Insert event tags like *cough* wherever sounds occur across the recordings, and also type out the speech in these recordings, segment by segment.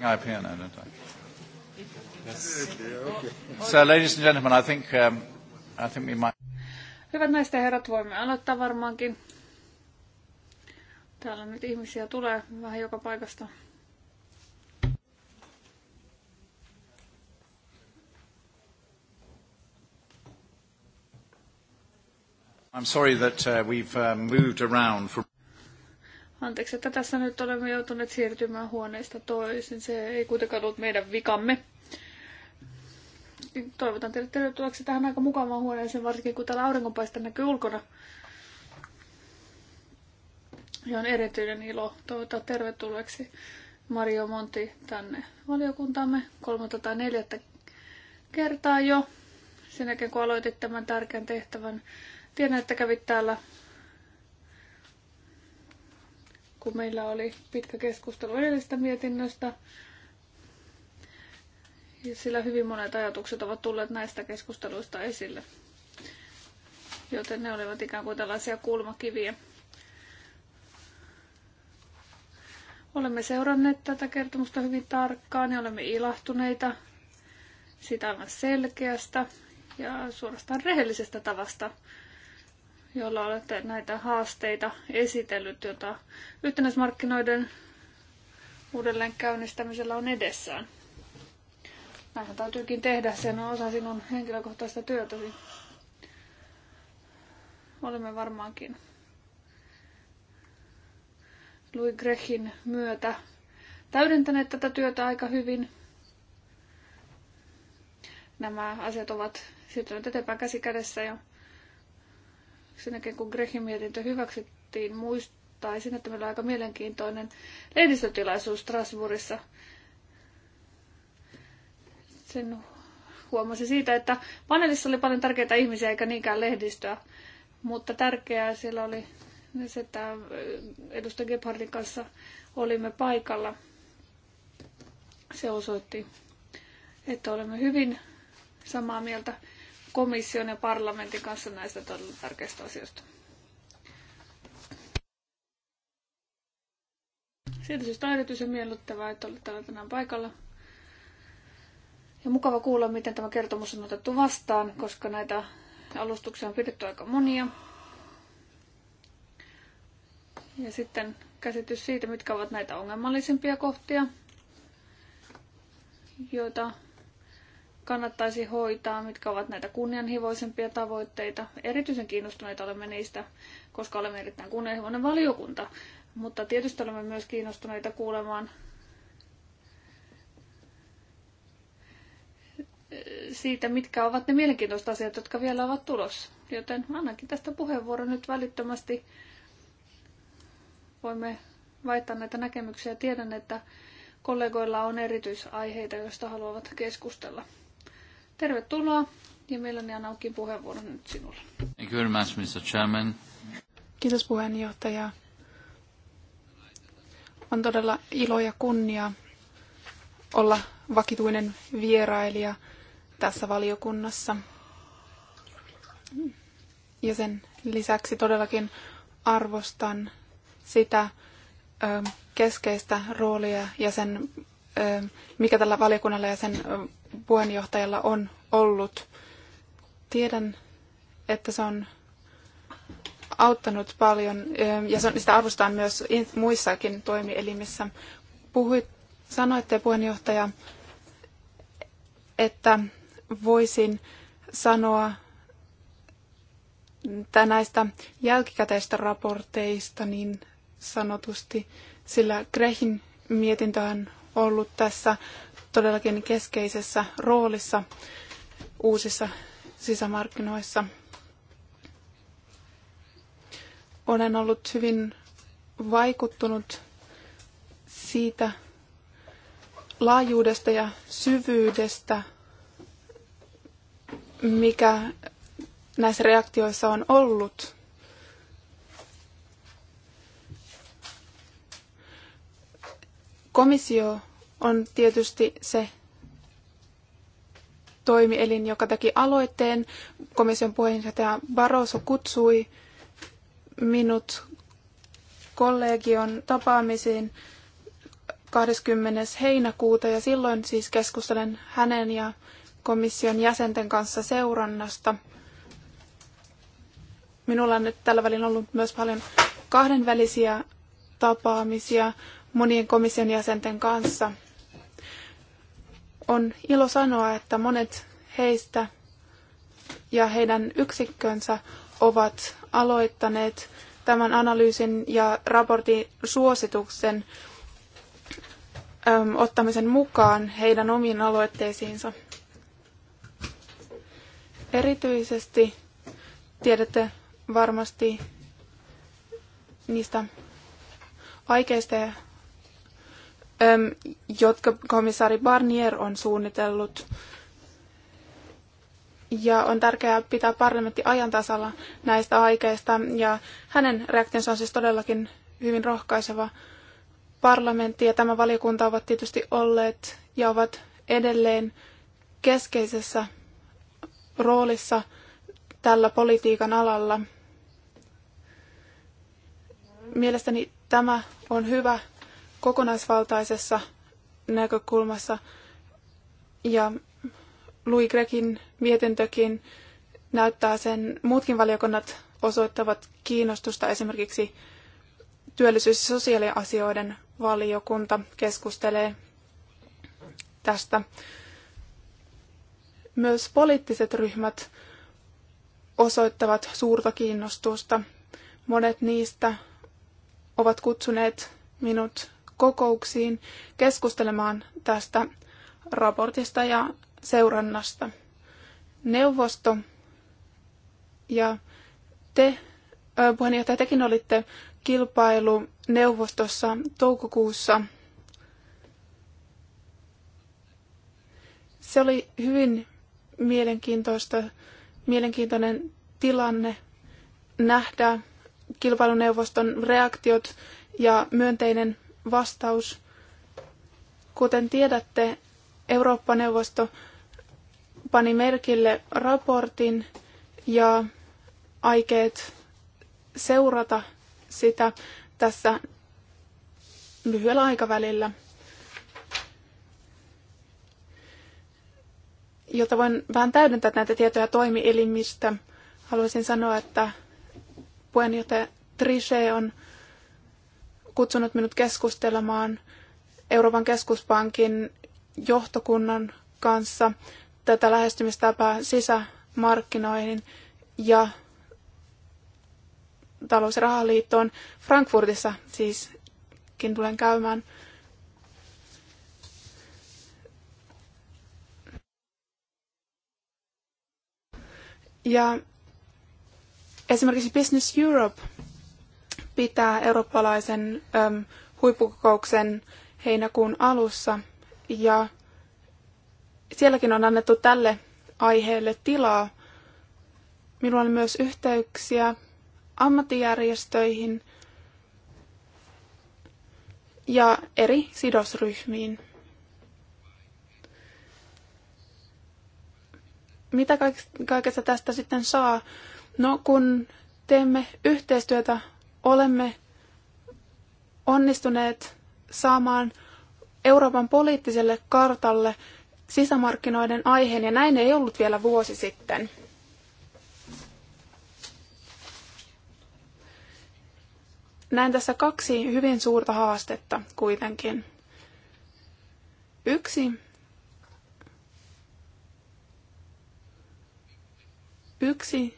IPN, I don't I? Yes. So, ladies and gentlemen, I think, um, I think we might... Hyvät naiset ja herrat, voimme aloittaa varmaankin. Täällä nyt ihmisiä tulee vähän joka paikasta. I'm sorry that uh, we've uh, moved around from... Anteeksi, että tässä nyt olemme joutuneet siirtymään huoneesta toisin. Se ei kuitenkaan ollut meidän vikamme. Toivotan teille tervetulleeksi tähän aika mukavaan huoneeseen, varsinkin kun täällä auringonpaiste näkyy ulkona. Ja on erityinen ilo toivottaa tervetulleeksi Mario Monti tänne valiokuntaamme kolmatta tai neljättä kertaa jo. Sen jälkeen kun aloitit tämän tärkeän tehtävän, tiedän, että kävit täällä kun meillä oli pitkä keskustelu edellisestä mietinnöstä. Ja sillä hyvin monet ajatukset ovat tulleet näistä keskusteluista esille. Joten ne olivat ikään kuin tällaisia kulmakiviä. Olemme seuranneet tätä kertomusta hyvin tarkkaan ja olemme ilahtuneita sitä aivan selkeästä ja suorastaan rehellisestä tavasta jolla olette näitä haasteita esitellyt, joita yhtenäismarkkinoiden uudelleen käynnistämisellä on edessään. Näinhän täytyykin tehdä, sen on osa sinun henkilökohtaista työtäsi. Olemme varmaankin Louis Grechin myötä täydentäneet tätä työtä aika hyvin. Nämä asiat ovat siirtyneet eteenpäin käsi kädessä ja sen jälkeen kun Grehin mietintö hyväksyttiin, muistaisin, että meillä on aika mielenkiintoinen lehdistötilaisuus Strasbourgissa. Sen huomasin siitä, että paneelissa oli paljon tärkeitä ihmisiä eikä niinkään lehdistöä, mutta tärkeää siellä oli se, että edustaja Gebhardin kanssa olimme paikalla. Se osoitti, että olemme hyvin samaa mieltä komission ja parlamentin kanssa näistä todella tärkeistä asioista. Siitä syystä on erityisen miellyttävää, että olet täällä tänään paikalla. Ja mukava kuulla, miten tämä kertomus on otettu vastaan, koska näitä alustuksia on pidetty aika monia. Ja sitten käsitys siitä, mitkä ovat näitä ongelmallisimpia kohtia, joita kannattaisi hoitaa, mitkä ovat näitä kunnianhimoisempia tavoitteita. Erityisen kiinnostuneita olemme niistä, koska olemme erittäin kunnianhimoinen valiokunta, mutta tietysti olemme myös kiinnostuneita kuulemaan eh, siitä, mitkä ovat ne mielenkiintoiset asiat, jotka vielä ovat tulossa. Joten annankin tästä puheenvuoron nyt välittömästi. Voimme vaihtaa näitä näkemyksiä. Tiedän, että kollegoilla on erityisaiheita, joista haluavat keskustella. Tervetuloa ja mielelläni annan auki puheenvuoron nyt sinulle. Thank you very much, Mr. Chairman. Kiitos puheenjohtaja. On todella ilo ja kunnia olla vakituinen vierailija tässä valiokunnassa. Ja sen lisäksi todellakin arvostan sitä keskeistä roolia ja sen, mikä tällä valiokunnalla ja sen puheenjohtajalla on ollut. Tiedän, että se on auttanut paljon eh, ja sitä arvostetaan myös muissakin toimielimissä. Puhuit, sanoitte puheenjohtaja, että voisin sanoa näistä jälkikäteistä raporteista niin sanotusti, sillä Grehin on ollut tässä todellakin keskeisessä roolissa uusissa sisämarkkinoissa. Olen ollut hyvin vaikuttunut siitä laajuudesta ja syvyydestä, mikä näissä reaktioissa on ollut. Komissio on tietysti se toimielin, joka teki aloitteen. Komission puheenjohtaja Barroso kutsui minut kollegion tapaamisiin 20. heinäkuuta ja silloin siis keskustelen hänen ja komission jäsenten kanssa seurannasta. Minulla on nyt tällä välin ollut myös paljon kahdenvälisiä tapaamisia monien komission jäsenten kanssa on ilo sanoa, että monet heistä ja heidän yksikkönsä ovat aloittaneet tämän analyysin ja raportin suosituksen äm, ottamisen mukaan heidän omiin aloitteisiinsa. Erityisesti tiedätte varmasti niistä aikeista ja jotka komissaari Barnier on suunnitellut. Ja on tärkeää pitää parlamentti ajan tasalla näistä aikeista. Ja hänen reaktionsa on siis todellakin hyvin rohkaiseva. Parlamentti ja tämä valiokunta ovat tietysti olleet ja ovat edelleen keskeisessä roolissa tällä politiikan alalla. Mielestäni tämä on hyvä kokonaisvaltaisessa näkökulmassa. Ja Louis Grekin mietintökin näyttää sen, muutkin valiokunnat osoittavat kiinnostusta esimerkiksi työllisyys- ja sosiaaliasioiden valiokunta keskustelee tästä. Myös poliittiset ryhmät osoittavat suurta kiinnostusta. Monet niistä ovat kutsuneet minut kokouksiin keskustelemaan tästä raportista ja seurannasta. Neuvosto ja te, puheenjohtaja, tekin olitte kilpailuneuvostossa toukokuussa. Se oli hyvin mielenkiintoista, mielenkiintoinen tilanne nähdä kilpailuneuvoston reaktiot ja myönteinen vastaus. Kuten tiedätte, Eurooppa-neuvosto pani merkille raportin ja aikeet seurata sitä tässä lyhyellä aikavälillä, jotta voin vähän täydentää näitä tietoja toimielimistä. Haluaisin sanoa, että puheenjohtaja Trichet on kutsunut minut keskustelemaan Euroopan keskuspankin johtokunnan kanssa tätä lähestymistapaa sisämarkkinoihin ja talous- ja rahaliittoon Frankfurtissa siiskin tulen käymään. Ja esimerkiksi Business Europe pitää eurooppalaisen äm, huippukokouksen heinäkuun alussa ja sielläkin on annettu tälle aiheelle tilaa. Minulla on myös yhteyksiä ammattijärjestöihin ja eri sidosryhmiin. Mitä kaikesta tästä sitten saa? No kun teemme yhteistyötä olemme onnistuneet saamaan Euroopan poliittiselle kartalle sisämarkkinoiden aiheen, ja näin ei ollut vielä vuosi sitten. Näen tässä kaksi hyvin suurta haastetta kuitenkin. Yksi Yksi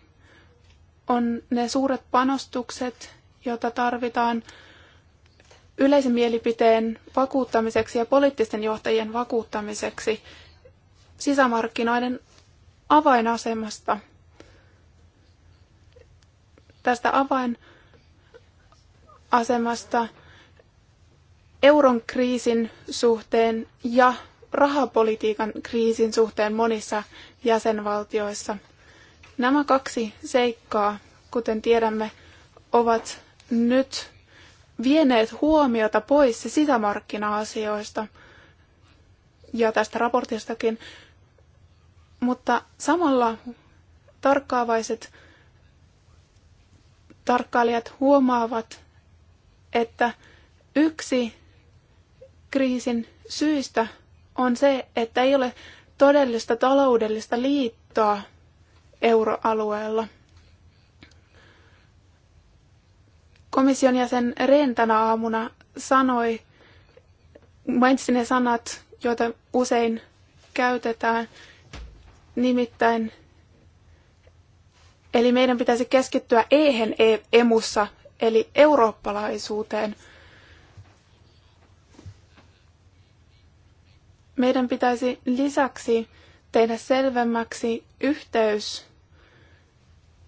on ne suuret panostukset, jota tarvitaan yleisen mielipiteen vakuuttamiseksi ja poliittisten johtajien vakuuttamiseksi sisämarkkinoiden avainasemasta. Tästä avainasemasta euron kriisin suhteen ja rahapolitiikan kriisin suhteen monissa jäsenvaltioissa. Nämä kaksi seikkaa, kuten tiedämme, ovat nyt vieneet huomiota pois sisämarkkina-asioista ja tästä raportistakin, mutta samalla tarkkaavaiset tarkkailijat huomaavat, että yksi kriisin syistä on se, että ei ole todellista taloudellista liittoa euroalueella – komission jäsen Ren tänä aamuna sanoi, mainitsi ne sanat, joita usein käytetään, nimittäin, eli meidän pitäisi keskittyä eihän e, emussa, eli eurooppalaisuuteen. Meidän pitäisi lisäksi tehdä selvemmäksi yhteys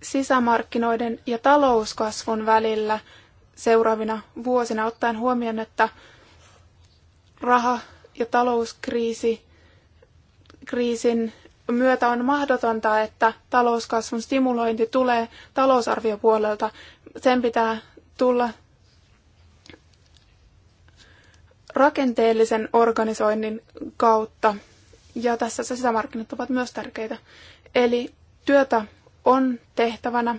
sisämarkkinoiden ja talouskasvun välillä seuraavina vuosina ottaen huomioon, että raha- ja talouskriisi kriisin myötä on mahdotonta, että talouskasvun stimulointi tulee talousarviopuolelta. Sen pitää tulla rakenteellisen organisoinnin kautta. Ja tässä sisämarkkinat ovat myös tärkeitä. Eli työtä on tehtävänä,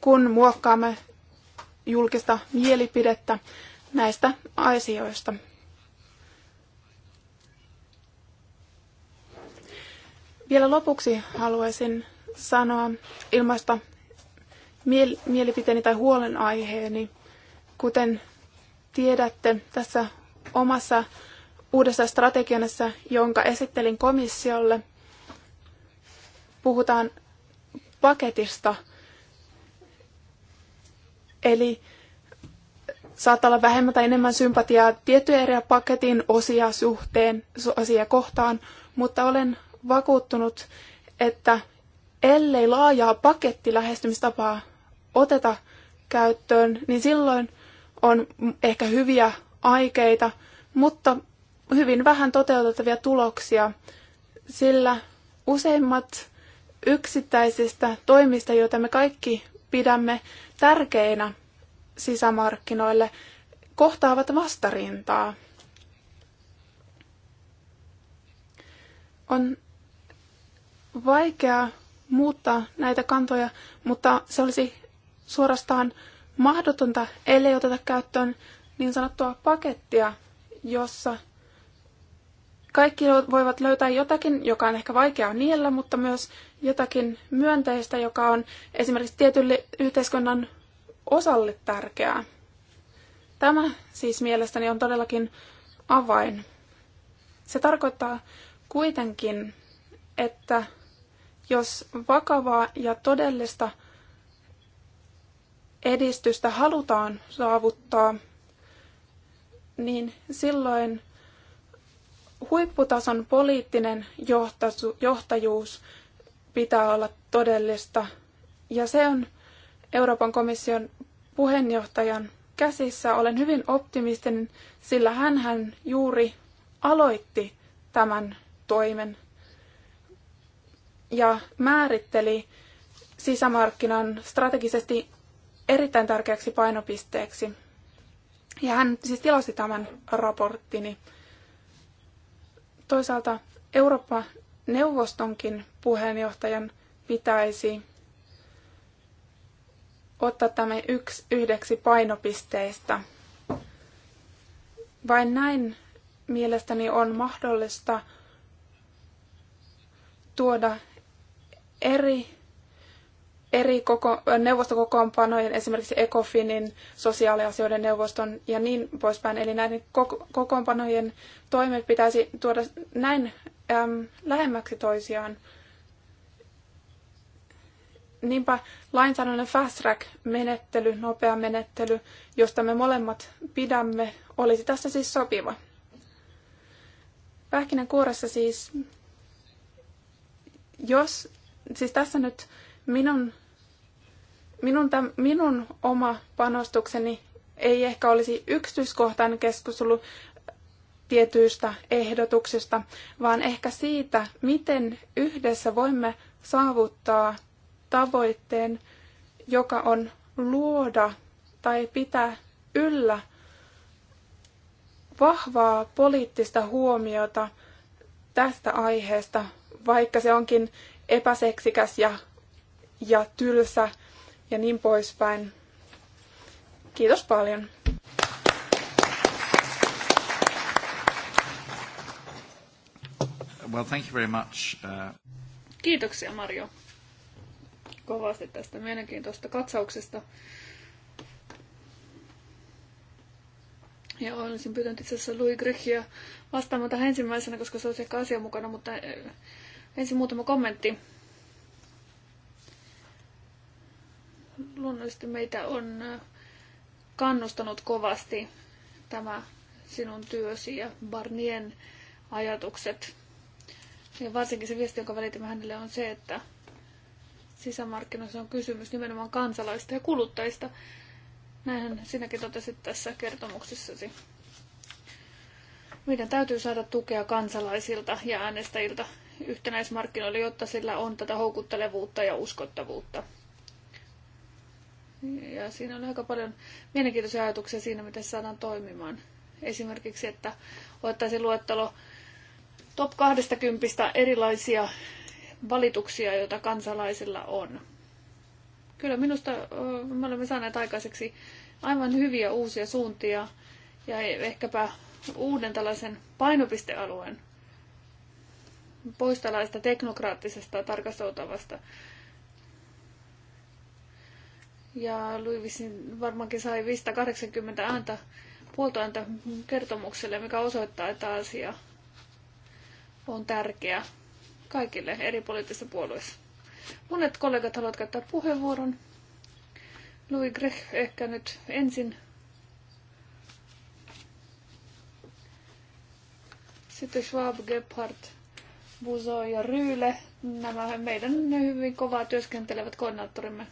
kun muokkaamme julkista mielipidettä näistä asioista. Vielä lopuksi haluaisin sanoa ilmaista miel- mielipiteeni tai huolenaiheeni. Kuten tiedätte, tässä omassa uudessa strategiassa, jonka esittelin komissiolle – puhutaan paketista. Eli saattaa olla vähemmän tai enemmän sympatiaa tiettyjä eri paketin osia suhteen, asia kohtaan, mutta olen vakuuttunut, että ellei laajaa pakettilähestymistapaa oteta käyttöön, niin silloin on ehkä hyviä aikeita, mutta hyvin vähän toteutettavia tuloksia, sillä useimmat yksittäisistä toimista, joita me kaikki pidämme tärkeinä sisämarkkinoille, kohtaavat vastarintaa. On vaikea muuttaa näitä kantoja, mutta se olisi suorastaan mahdotonta, ellei oteta käyttöön niin sanottua pakettia, jossa kaikki voivat löytää jotakin, joka on ehkä vaikeaa niellä, mutta myös jotakin myönteistä, joka on esimerkiksi tietylle yhteiskunnan osalle tärkeää. Tämä siis mielestäni on todellakin avain. Se tarkoittaa kuitenkin, että jos vakavaa ja todellista edistystä halutaan saavuttaa, niin silloin huipputason poliittinen johtajuus pitää olla todellista, ja se on Euroopan komission puheenjohtajan käsissä. Olen hyvin optimistinen, sillä hän juuri aloitti tämän toimen ja määritteli sisämarkkinan strategisesti erittäin tärkeäksi painopisteeksi. Ja hän siis tilasi tämän raporttini. Toisaalta Eurooppa-neuvostonkin puheenjohtajan pitäisi ottaa tämä yksi, yhdeksi painopisteistä. Vain näin mielestäni on mahdollista tuoda eri eri koko, neuvostokokoonpanojen, esimerkiksi ECOFINin, sosiaaliasioiden neuvoston ja niin poispäin. Eli näiden koko, kokoonpanojen toimet pitäisi tuoda näin äm, lähemmäksi toisiaan. Niinpä lainsäädännön fast track-menettely, nopea menettely, josta me molemmat pidämme, olisi tässä siis sopiva. Pähkinän kuoressa siis, jos, siis tässä nyt Minun, minun, täm, minun oma panostukseni ei ehkä olisi yksityiskohtainen keskustelu tietyistä ehdotuksista, vaan ehkä siitä, miten yhdessä voimme saavuttaa tavoitteen, joka on luoda tai pitää yllä vahvaa poliittista huomiota tästä aiheesta, vaikka se onkin epäseksikäs ja ja tylsä ja niin poispäin. Kiitos paljon. Well, thank you very much. Uh... Kiitoksia Mario kovasti tästä mielenkiintoista katsauksesta. Ja olisin pyytänyt itse asiassa Louis Grichia vastaamaan tähän ensimmäisenä, koska se olisi ehkä asia mukana, mutta eh, ensin muutama kommentti luonnollisesti meitä on äh, kannustanut kovasti tämä sinun työsi ja Barnien ajatukset. Ja varsinkin se viesti, jonka välitimme hänelle, on se, että sisämarkkinoissa on kysymys nimenomaan kansalaista ja kuluttajista. Näinhän sinäkin totesit tässä kertomuksessasi. Meidän täytyy saada tukea kansalaisilta ja äänestäjiltä yhtenäismarkkinoille, jotta sillä on tätä houkuttelevuutta ja uskottavuutta. Ja siinä on aika paljon mielenkiintoisia ajatuksia siinä, miten se saadaan toimimaan. Esimerkiksi, että ottaisiin luettelo top 20 erilaisia valituksia, joita kansalaisilla on. Kyllä minusta me olemme saaneet aikaiseksi aivan hyviä uusia suuntia ja ehkäpä uuden tällaisen painopistealueen pois tällaista teknokraattisesta tarkasteltavasta ja Louisin varmaankin sai 580 ääntä, puolta ääntä kertomukselle, mikä osoittaa, että asia on tärkeä kaikille eri poliittisissa puolueissa. Monet kollegat haluavat käyttää puheenvuoron. Louis Grech ehkä nyt ensin. Sitten Schwab, Gebhardt, Buzo ja Ryyle, nämä meidän hyvin kovaa työskentelevät koordinaattorimme.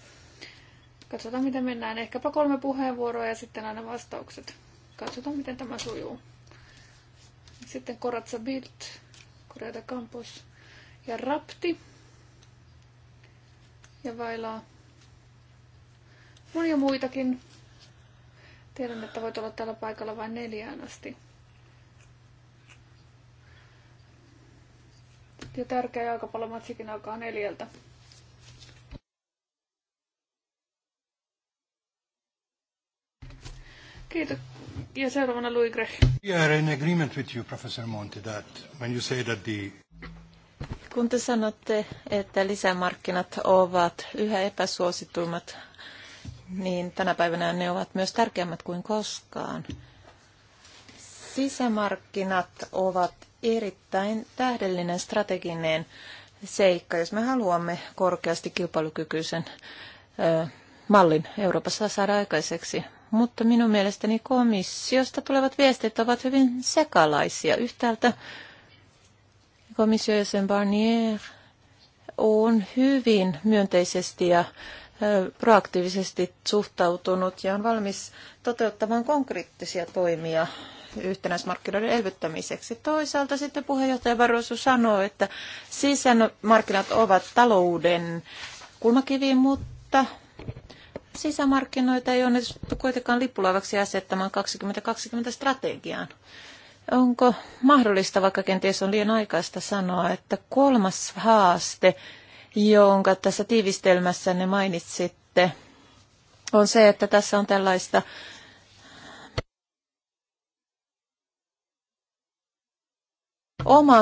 Katsotaan, miten mennään. Ehkäpä kolme puheenvuoroa ja sitten aina vastaukset. Katsotaan, miten tämä sujuu. Sitten Koratsa Bild, Koreata Campos ja Rapti ja Vailaa. Monia muitakin. Tiedän, että voit olla tällä paikalla vain neljään asti. Ja tärkeä jalkapallomatsikin alkaa neljältä. Kiitos. Ja seuraavana Louis Grech. We are in agreement with you, Professor Monti, that when you say that the kun te sanotte, että lisämarkkinat ovat yhä epäsuosituimmat, niin tänä päivänä ne ovat myös tärkeämmät kuin koskaan. Sisämarkkinat ovat erittäin tähdellinen strateginen seikka, jos me haluamme korkeasti kilpailukykyisen mallin Euroopassa saada aikaiseksi mutta minun mielestäni komissiosta tulevat viestit ovat hyvin sekalaisia. Yhtäältä komissiojäsen Barnier on hyvin myönteisesti ja proaktiivisesti suhtautunut ja on valmis toteuttamaan konkreettisia toimia yhtenäismarkkinoiden elvyttämiseksi. Toisaalta sitten puheenjohtaja Barroso sanoo, että sisämarkkinat ovat talouden kulmakivi, mutta sisämarkkinoita ei onnistuttu kuitenkaan lippulaivaksi asettamaan 2020 strategiaan. Onko mahdollista, vaikka kenties on liian aikaista sanoa, että kolmas haaste, jonka tässä ne mainitsitte, on se, että tässä on tällaista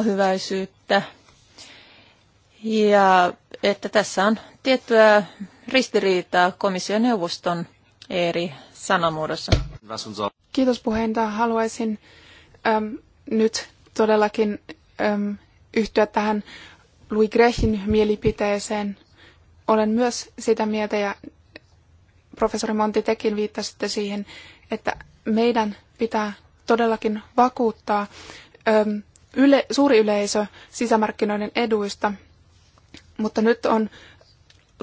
hyväisyyttä ja että tässä on tiettyä ristiriitaa komission neuvoston eri sanamuodossa. Kiitos puheenjohtaja. Haluaisin äm, nyt todellakin äm, yhtyä tähän Louis Grechin mielipiteeseen. Olen myös sitä mieltä, ja professori Monti tekin viittasitte siihen, että meidän pitää todellakin vakuuttaa äm, yle, suuri yleisö sisämarkkinoiden eduista, mutta nyt on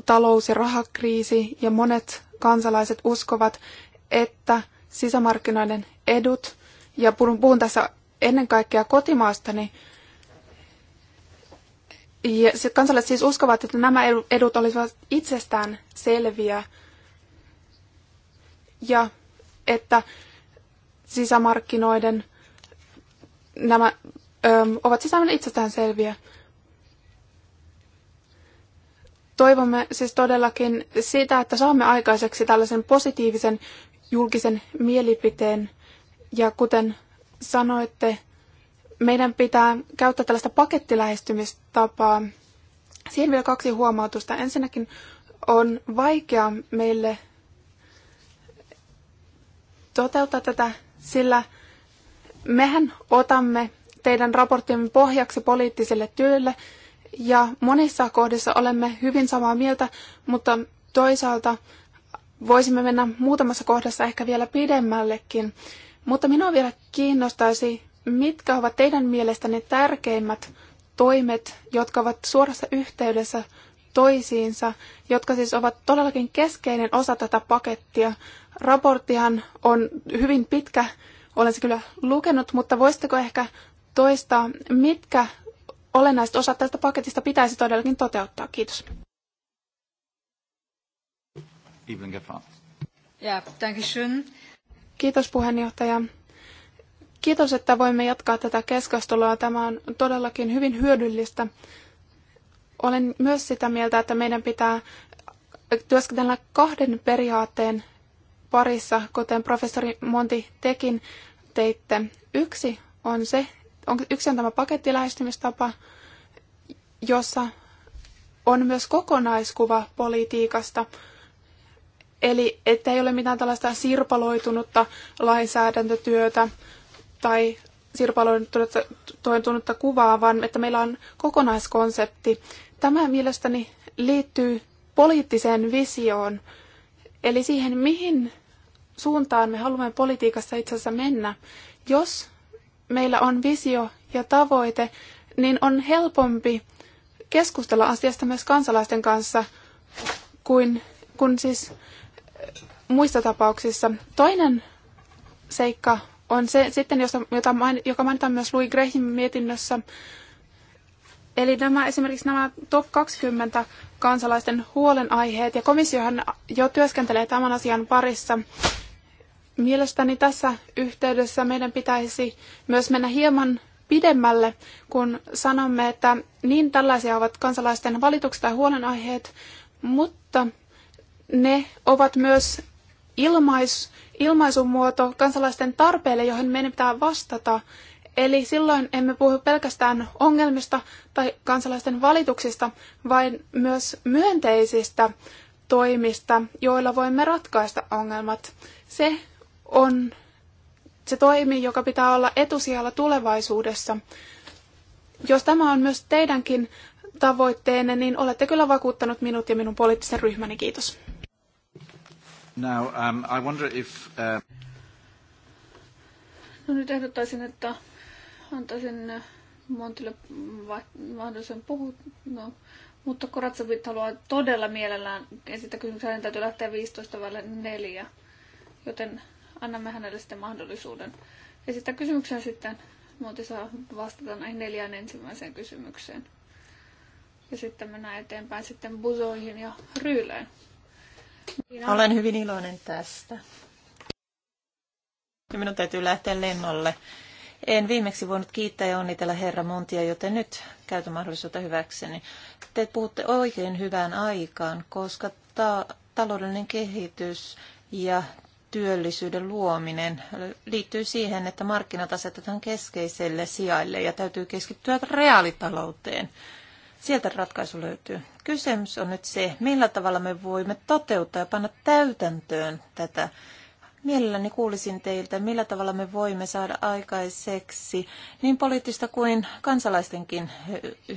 talous- ja rahakriisi ja monet kansalaiset uskovat, että sisämarkkinoiden edut, ja puhun, puhun tässä ennen kaikkea kotimaastani, ja kansalaiset siis uskovat, että nämä edut olisivat itsestään selviä ja että sisämarkkinoiden nämä ö, ovat sisämarkkinoiden itsestään selviä. Toivomme siis todellakin sitä, että saamme aikaiseksi tällaisen positiivisen julkisen mielipiteen. Ja kuten sanoitte, meidän pitää käyttää tällaista pakettilähestymistapaa. Siihen vielä kaksi huomautusta. Ensinnäkin on vaikea meille toteuttaa tätä, sillä mehän otamme teidän raporttimme pohjaksi poliittiselle työlle ja monissa kohdissa olemme hyvin samaa mieltä, mutta toisaalta voisimme mennä muutamassa kohdassa ehkä vielä pidemmällekin. Mutta minua vielä kiinnostaisi, mitkä ovat teidän mielestänne tärkeimmät toimet, jotka ovat suorassa yhteydessä toisiinsa, jotka siis ovat todellakin keskeinen osa tätä pakettia. Raporttihan on hyvin pitkä, olen se kyllä lukenut, mutta voisitteko ehkä toistaa, mitkä olennaiset osat tästä paketista pitäisi todellakin toteuttaa. Kiitos. Kiitos puheenjohtaja. Kiitos, että voimme jatkaa tätä keskustelua. Tämä on todellakin hyvin hyödyllistä. Olen myös sitä mieltä, että meidän pitää työskennellä kahden periaatteen parissa, kuten professori Monti tekin teitte. Yksi on se, on, yksi on tämä pakettilähestymistapa, jossa on myös kokonaiskuva politiikasta, eli ei ole mitään tällaista sirpaloitunutta lainsäädäntötyötä tai sirpaloitunutta kuvaa, vaan että meillä on kokonaiskonsepti. Tämä mielestäni liittyy poliittiseen visioon, eli siihen, mihin suuntaan me haluamme politiikassa itse asiassa mennä. Jos meillä on visio ja tavoite, niin on helpompi keskustella asiasta myös kansalaisten kanssa kuin, kun siis äh, muissa tapauksissa. Toinen seikka on se sitten, josta, jota, joka mainitaan myös Louis Grehin mietinnössä. Eli nämä, esimerkiksi nämä top 20 kansalaisten huolenaiheet, ja komissiohan jo työskentelee tämän asian parissa. Mielestäni tässä yhteydessä meidän pitäisi myös mennä hieman pidemmälle, kun sanomme, että niin tällaisia ovat kansalaisten valitukset tai huolenaiheet, mutta ne ovat myös ilmais, muoto kansalaisten tarpeille, johon meidän pitää vastata. Eli silloin emme puhu pelkästään ongelmista tai kansalaisten valituksista, vaan myös myönteisistä toimista, joilla voimme ratkaista ongelmat. Se on se toimi, joka pitää olla etusijalla tulevaisuudessa. Jos tämä on myös teidänkin tavoitteenne, niin olette kyllä vakuuttanut minut ja minun poliittisen ryhmäni. Kiitos. Now, um, I wonder if, uh... No nyt ehdottaisin, että antaisin äh, Montille mahdollisen puhua. No, mutta Koratsavit haluaa todella mielellään esittää kysymyksiä. Hänen täytyy lähteä 15 neljä. Joten annamme hänelle sitten mahdollisuuden esittää kysymyksiä sitten. Muuten saa vastata näihin neljään ensimmäiseen kysymykseen. Ja sitten mennään eteenpäin sitten buzoihin ja ryyleen. Minä... Olen hyvin iloinen tästä. minun täytyy lähteä lennolle. En viimeksi voinut kiittää ja onnitella Herra Montia, joten nyt käytän mahdollisuutta hyväkseni. Te puhutte oikein hyvään aikaan, koska ta- taloudellinen kehitys ja työllisyyden luominen liittyy siihen, että markkinat asetetaan keskeiselle sijalle ja täytyy keskittyä reaalitalouteen. Sieltä ratkaisu löytyy. Kysymys on nyt se, millä tavalla me voimme toteuttaa ja panna täytäntöön tätä. Mielelläni kuulisin teiltä, millä tavalla me voimme saada aikaiseksi niin poliittista kuin kansalaistenkin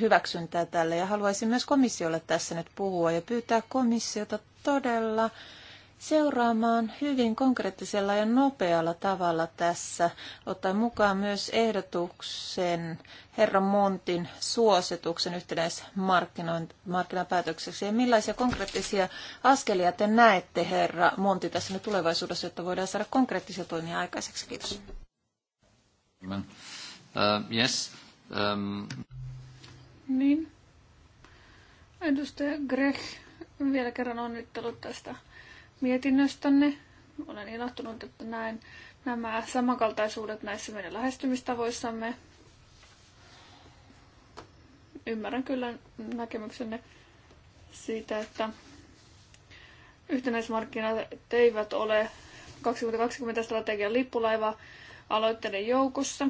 hyväksyntää tälle. Ja haluaisin myös komissiolle tässä nyt puhua ja pyytää komissiota todella seuraamaan hyvin konkreettisella ja nopealla tavalla tässä, ottaen mukaan myös ehdotuksen Herra Montin suosituksen yhtenäismarkkinapäätökseksi. Ja millaisia konkreettisia askelia te näette, Herra Monti, tässä nyt tulevaisuudessa, jotta voidaan saada konkreettisia toimia aikaiseksi? Kiitos. Uh, yes. Um... Niin. Edustaja Grech, vielä kerran onnittelut tästä mietinnöstänne. Olen ilahtunut, että näen nämä samankaltaisuudet näissä meidän lähestymistavoissamme. Ymmärrän kyllä näkemyksenne siitä, että yhtenäismarkkinat eivät ole 2020 strategian lippulaiva aloitteiden joukossa.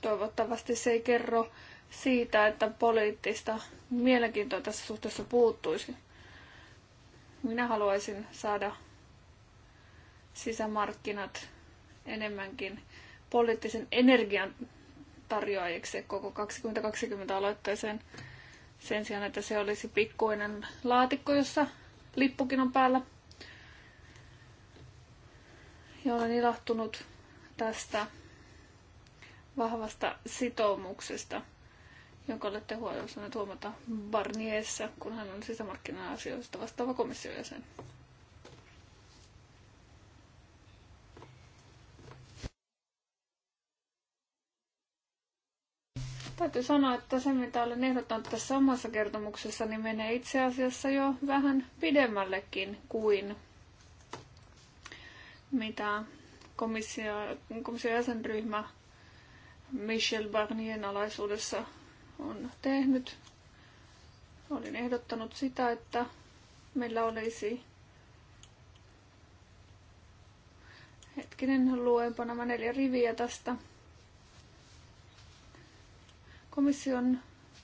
Toivottavasti se ei kerro siitä, että poliittista mielenkiintoa tässä suhteessa puuttuisi. Minä haluaisin saada sisämarkkinat enemmänkin poliittisen energian tarjoajiksi koko 2020 aloitteeseen sen sijaan, että se olisi pikkuinen laatikko, jossa lippukin on päällä. Ja olen ilahtunut tästä vahvasta sitoumuksesta jonka olette huolissanne huomata Barniessa, kun hän on sisämarkkina-asioista vastaava komission jäsen. Täytyy sanoa, että se mitä olen ehdottanut tässä omassa kertomuksessa, niin menee itse asiassa jo vähän pidemmällekin kuin mitä komissio, komission jäsenryhmä Michel Barnien alaisuudessa on tehnyt. Olin ehdottanut sitä, että meillä olisi hetkinen, luenpa nämä neljä riviä tästä. Komission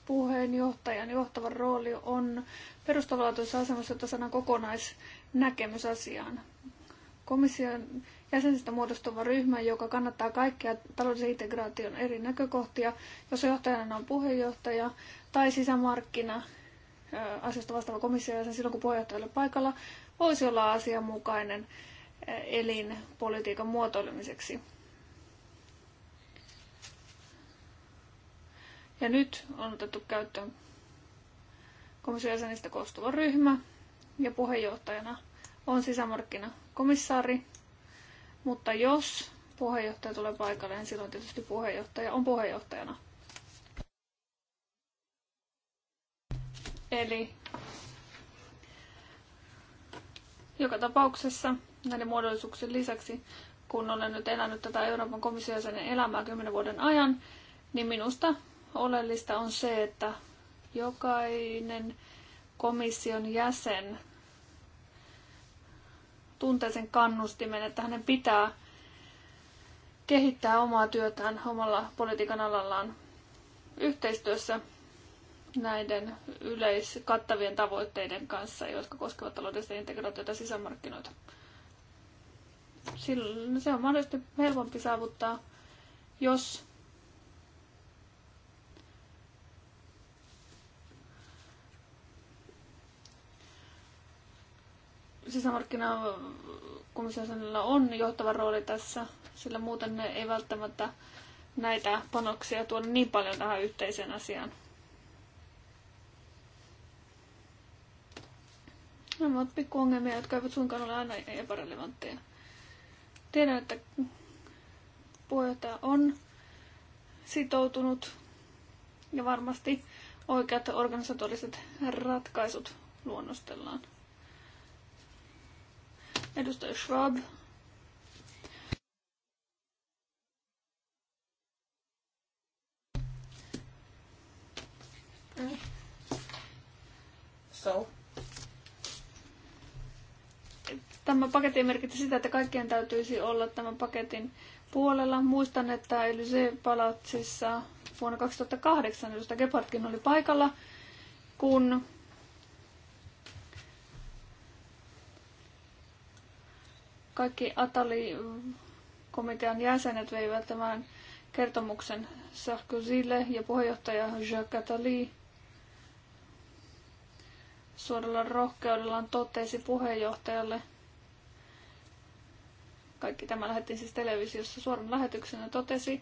puheenjohtajan johtava rooli on perustavanlaatuisessa asemassa, että saadaan kokonaisnäkemys asiaan. Komission jäsenistä muodostuva ryhmä, joka kannattaa kaikkia taloudellisen integraation eri näkökohtia, jos johtajana on puheenjohtaja tai sisämarkkina asiasta vastaava komissio ja sen silloin, kun puheenjohtaja on paikalla, voisi olla asianmukainen elin politiikan muotoilemiseksi. Ja nyt on otettu käyttöön komission jäsenistä koostuva ryhmä ja puheenjohtajana on sisämarkkinakomissaari mutta jos puheenjohtaja tulee paikalle, niin silloin tietysti puheenjohtaja on puheenjohtajana. Eli joka tapauksessa näiden muodollisuuksien lisäksi, kun olen nyt elänyt tätä Euroopan komission elämää kymmenen vuoden ajan, niin minusta oleellista on se, että jokainen komission jäsen tuntee sen kannustimen, että hänen pitää kehittää omaa työtään omalla politiikan alallaan yhteistyössä näiden yleiskattavien tavoitteiden kanssa, jotka koskevat taloudellista integraatiota sisämarkkinoita. Silloin se on mahdollisesti helpompi saavuttaa, jos sisämarkkinakomissiosanilla on johtava rooli tässä, sillä muuten ne ei välttämättä näitä panoksia tuoda niin paljon tähän yhteiseen asiaan. Nämä ovat pikkuongelmia, jotka eivät suinkaan ole aina epärelevantteja. Tiedän, että puheenjohtaja on sitoutunut ja varmasti oikeat organisatoriset ratkaisut luonnostellaan. Edustaja Schwab. So. Tämä paketti merkitti sitä, että kaikkien täytyisi olla tämän paketin puolella. Muistan, että se palatsissa vuonna 2008 josta Gebhardkin oli paikalla, kun Kaikki Atali-komitean jäsenet veivät tämän kertomuksen Sarkozylle ja puheenjohtaja Jacques Attali suorella rohkeudellaan totesi puheenjohtajalle. Kaikki tämä lähetettiin siis televisiossa suoran lähetyksenä totesi,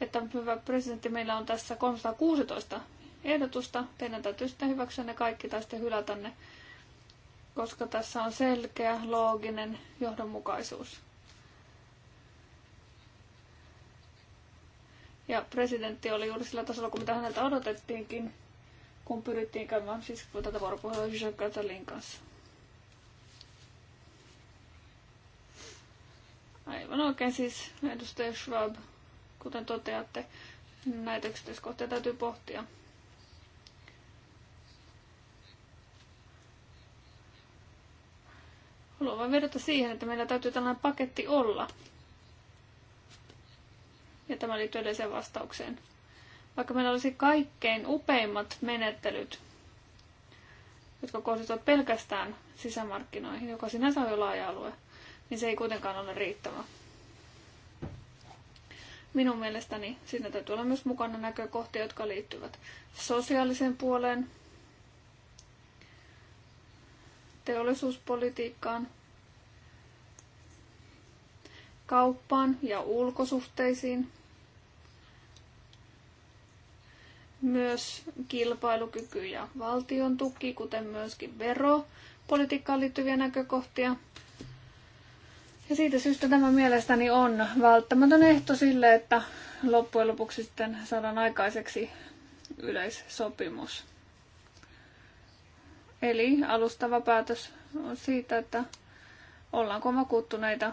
että hyvä presidentti, meillä on tässä 316 ehdotusta. Teidän täytyy sitten hyväksyä ne kaikki tai sitten hylätä ne koska tässä on selkeä, looginen johdonmukaisuus. Ja presidentti oli juuri sillä tasolla, kun mitä häneltä odotettiinkin, kun pyrittiin käymään siis tätä vuoropuhelua Jean Catalin kanssa. Aivan oikein siis, edustaja Schwab, kuten toteatte, näitä yksityiskohtia täytyy pohtia. Haluan vain vedota siihen, että meillä täytyy tällainen paketti olla. Ja tämä liittyy edelliseen vastaukseen. Vaikka meillä olisi kaikkein upeimmat menettelyt, jotka kohdistuvat pelkästään sisämarkkinoihin, joka sinänsä on jo laaja alue, niin se ei kuitenkaan ole riittävä. Minun mielestäni siinä täytyy olla myös mukana näkökohtia, jotka liittyvät sosiaaliseen puoleen, teollisuuspolitiikkaan, kauppaan ja ulkosuhteisiin, myös kilpailukyky ja valtion tuki, kuten myöskin veropolitiikkaan liittyviä näkökohtia. Ja siitä syystä tämä mielestäni on välttämätön ehto sille, että loppujen lopuksi sitten saadaan aikaiseksi yleissopimus. Eli alustava päätös on siitä, että ollaanko vakuuttuneita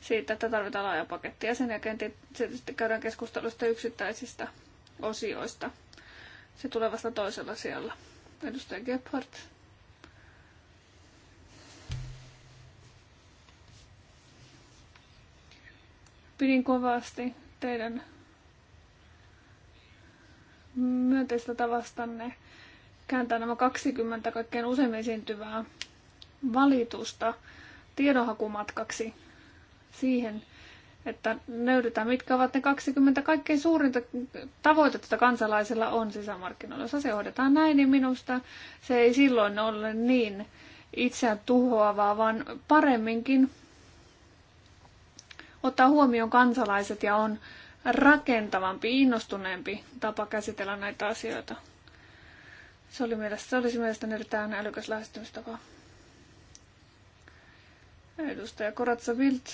siitä, että tarvitaan laaja paketti. Ja sen jälkeen tietysti käydään keskustelusta yksittäisistä osioista. Se tulee vasta toisella siellä. Edustaja Gebhardt. Pidin kovasti teidän myönteistä tavastanne kääntää nämä 20 kaikkein useimmin esiintyvää valitusta tiedonhakumatkaksi siihen, että löydetään, mitkä ovat ne 20 kaikkein suurinta tavoitetta kansalaisella on sisämarkkinoilla. Jos se hoidetaan näin, niin minusta se ei silloin ole niin itseään tuhoavaa, vaan paremminkin ottaa huomioon kansalaiset ja on rakentavampi, innostuneempi tapa käsitellä näitä asioita. Se, oli mielestä, se olisi mielestäni erittäin älykäs lähestymistapa. Edustaja Koratsa Wild.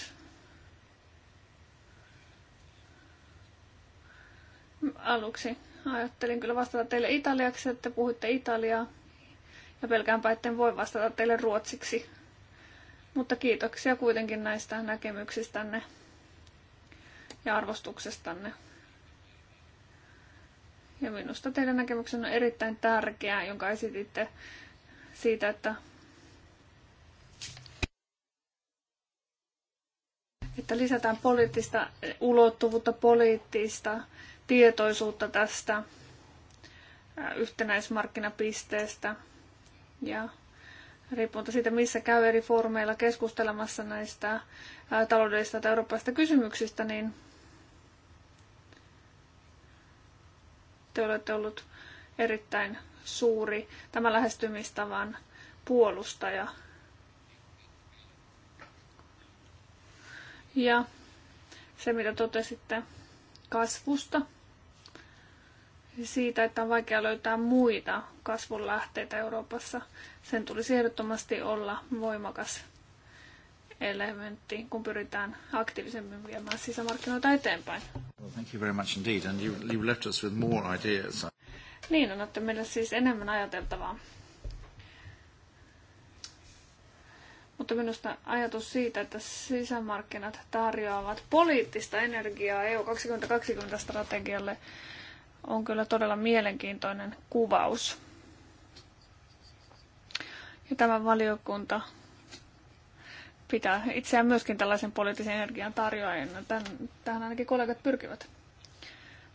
Aluksi ajattelin kyllä vastata teille italiaksi, että puhutte italiaa. Ja pelkäänpä, etten voi vastata teille ruotsiksi. Mutta kiitoksia kuitenkin näistä näkemyksistänne ja arvostuksestanne. Ja minusta teidän näkemyksenne on erittäin tärkeää, jonka esititte siitä, että, että lisätään poliittista ulottuvuutta, poliittista tietoisuutta tästä äh, yhtenäismarkkinapisteestä. Ja riippumatta siitä, missä käy eri foorumeilla keskustelemassa näistä äh, taloudellisista tai eurooppalaisista kysymyksistä, niin te olette ollut erittäin suuri tämän lähestymistavan puolustaja. Ja se, mitä totesitte kasvusta, siitä, että on vaikea löytää muita kasvun lähteitä Euroopassa, sen tulisi ehdottomasti olla voimakas elementti, kun pyritään aktiivisemmin viemään sisämarkkinoita eteenpäin. Thank you very much indeed, and you, you left us with more ideas. Niin, meille siis enemmän ajateltavaa. Mutta minusta ajatus siitä, että sisämarkkinat tarjoavat poliittista energiaa EU 2020-strategialle, on kyllä todella mielenkiintoinen kuvaus. Ja tämä valiokunta pitää itseään myöskin tällaisen poliittisen energian tarjoajana. Tän, tähän ainakin kollegat pyrkivät.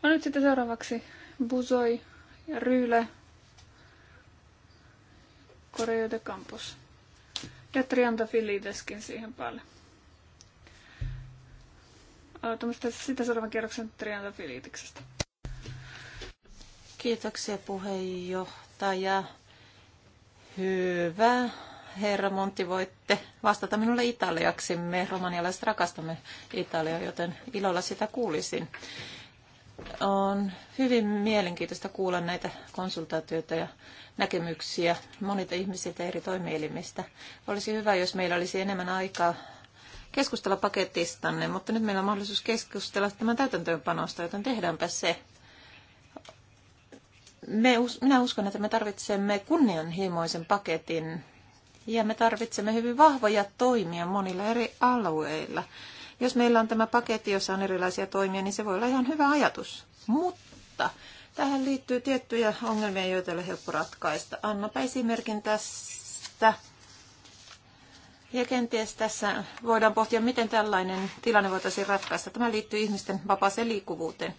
No nyt sitten seuraavaksi Buzoi ja Ryyle, Correo de Campos ja Trianta Filideskin siihen päälle. Aloitamme sitä seuraavan kierroksen Trianta Filideksestä. Kiitoksia puheenjohtaja. Hyvä herra Monti, voitte vastata minulle italiaksi. Me romanialaiset rakastamme Italiaa, joten ilolla sitä kuulisin. On hyvin mielenkiintoista kuulla näitä konsultaatioita ja näkemyksiä monilta ihmisiltä eri toimielimistä. Olisi hyvä, jos meillä olisi enemmän aikaa keskustella paketistanne, mutta nyt meillä on mahdollisuus keskustella tämän täytäntöönpanosta, joten tehdäänpä se. Me, minä uskon, että me tarvitsemme kunnianhimoisen paketin ja me tarvitsemme hyvin vahvoja toimia monilla eri alueilla. Jos meillä on tämä paketti, jossa on erilaisia toimia, niin se voi olla ihan hyvä ajatus. Mutta tähän liittyy tiettyjä ongelmia, joita ei ole helppo ratkaista. Annapa esimerkin tästä. Ja kenties tässä voidaan pohtia, miten tällainen tilanne voitaisiin ratkaista. Tämä liittyy ihmisten vapaaseen liikkuvuuteen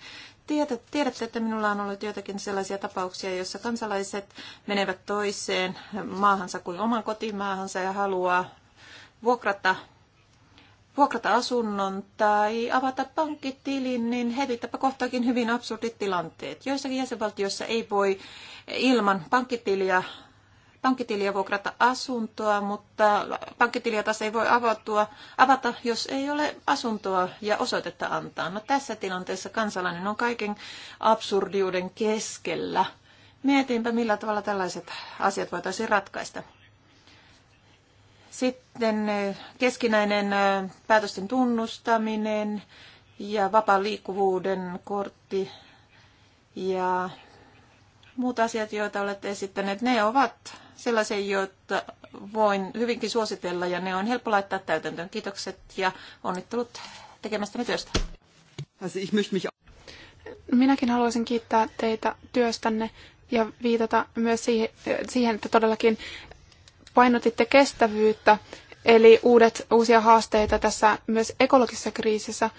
tiedätte, että minulla on ollut joitakin sellaisia tapauksia, joissa kansalaiset menevät toiseen maahansa kuin oman kotimaahansa ja haluaa vuokrata, vuokrata asunnon tai avata pankkitilin, niin tapa kohtaakin hyvin absurdit tilanteet. Joissakin jäsenvaltioissa ei voi ilman pankkitiliä pankkitiliä vuokrata asuntoa, mutta pankkitiliä taas ei voi avautua, avata, jos ei ole asuntoa ja osoitetta antaa. No tässä tilanteessa kansalainen on kaiken absurdiuden keskellä. Mietinpä, millä tavalla tällaiset asiat voitaisiin ratkaista. Sitten keskinäinen päätösten tunnustaminen ja vapaan liikkuvuuden kortti ja muut asiat, joita olette esittäneet, ne ovat sellaisia, joita voin hyvinkin suositella ja ne on helppo laittaa täytäntöön. Kiitokset ja onnittelut tekemästäni työstä. Minäkin haluaisin kiittää teitä työstänne ja viitata myös siihen, että todellakin painotitte kestävyyttä, eli uudet, uusia haasteita tässä myös ekologisessa kriisissä.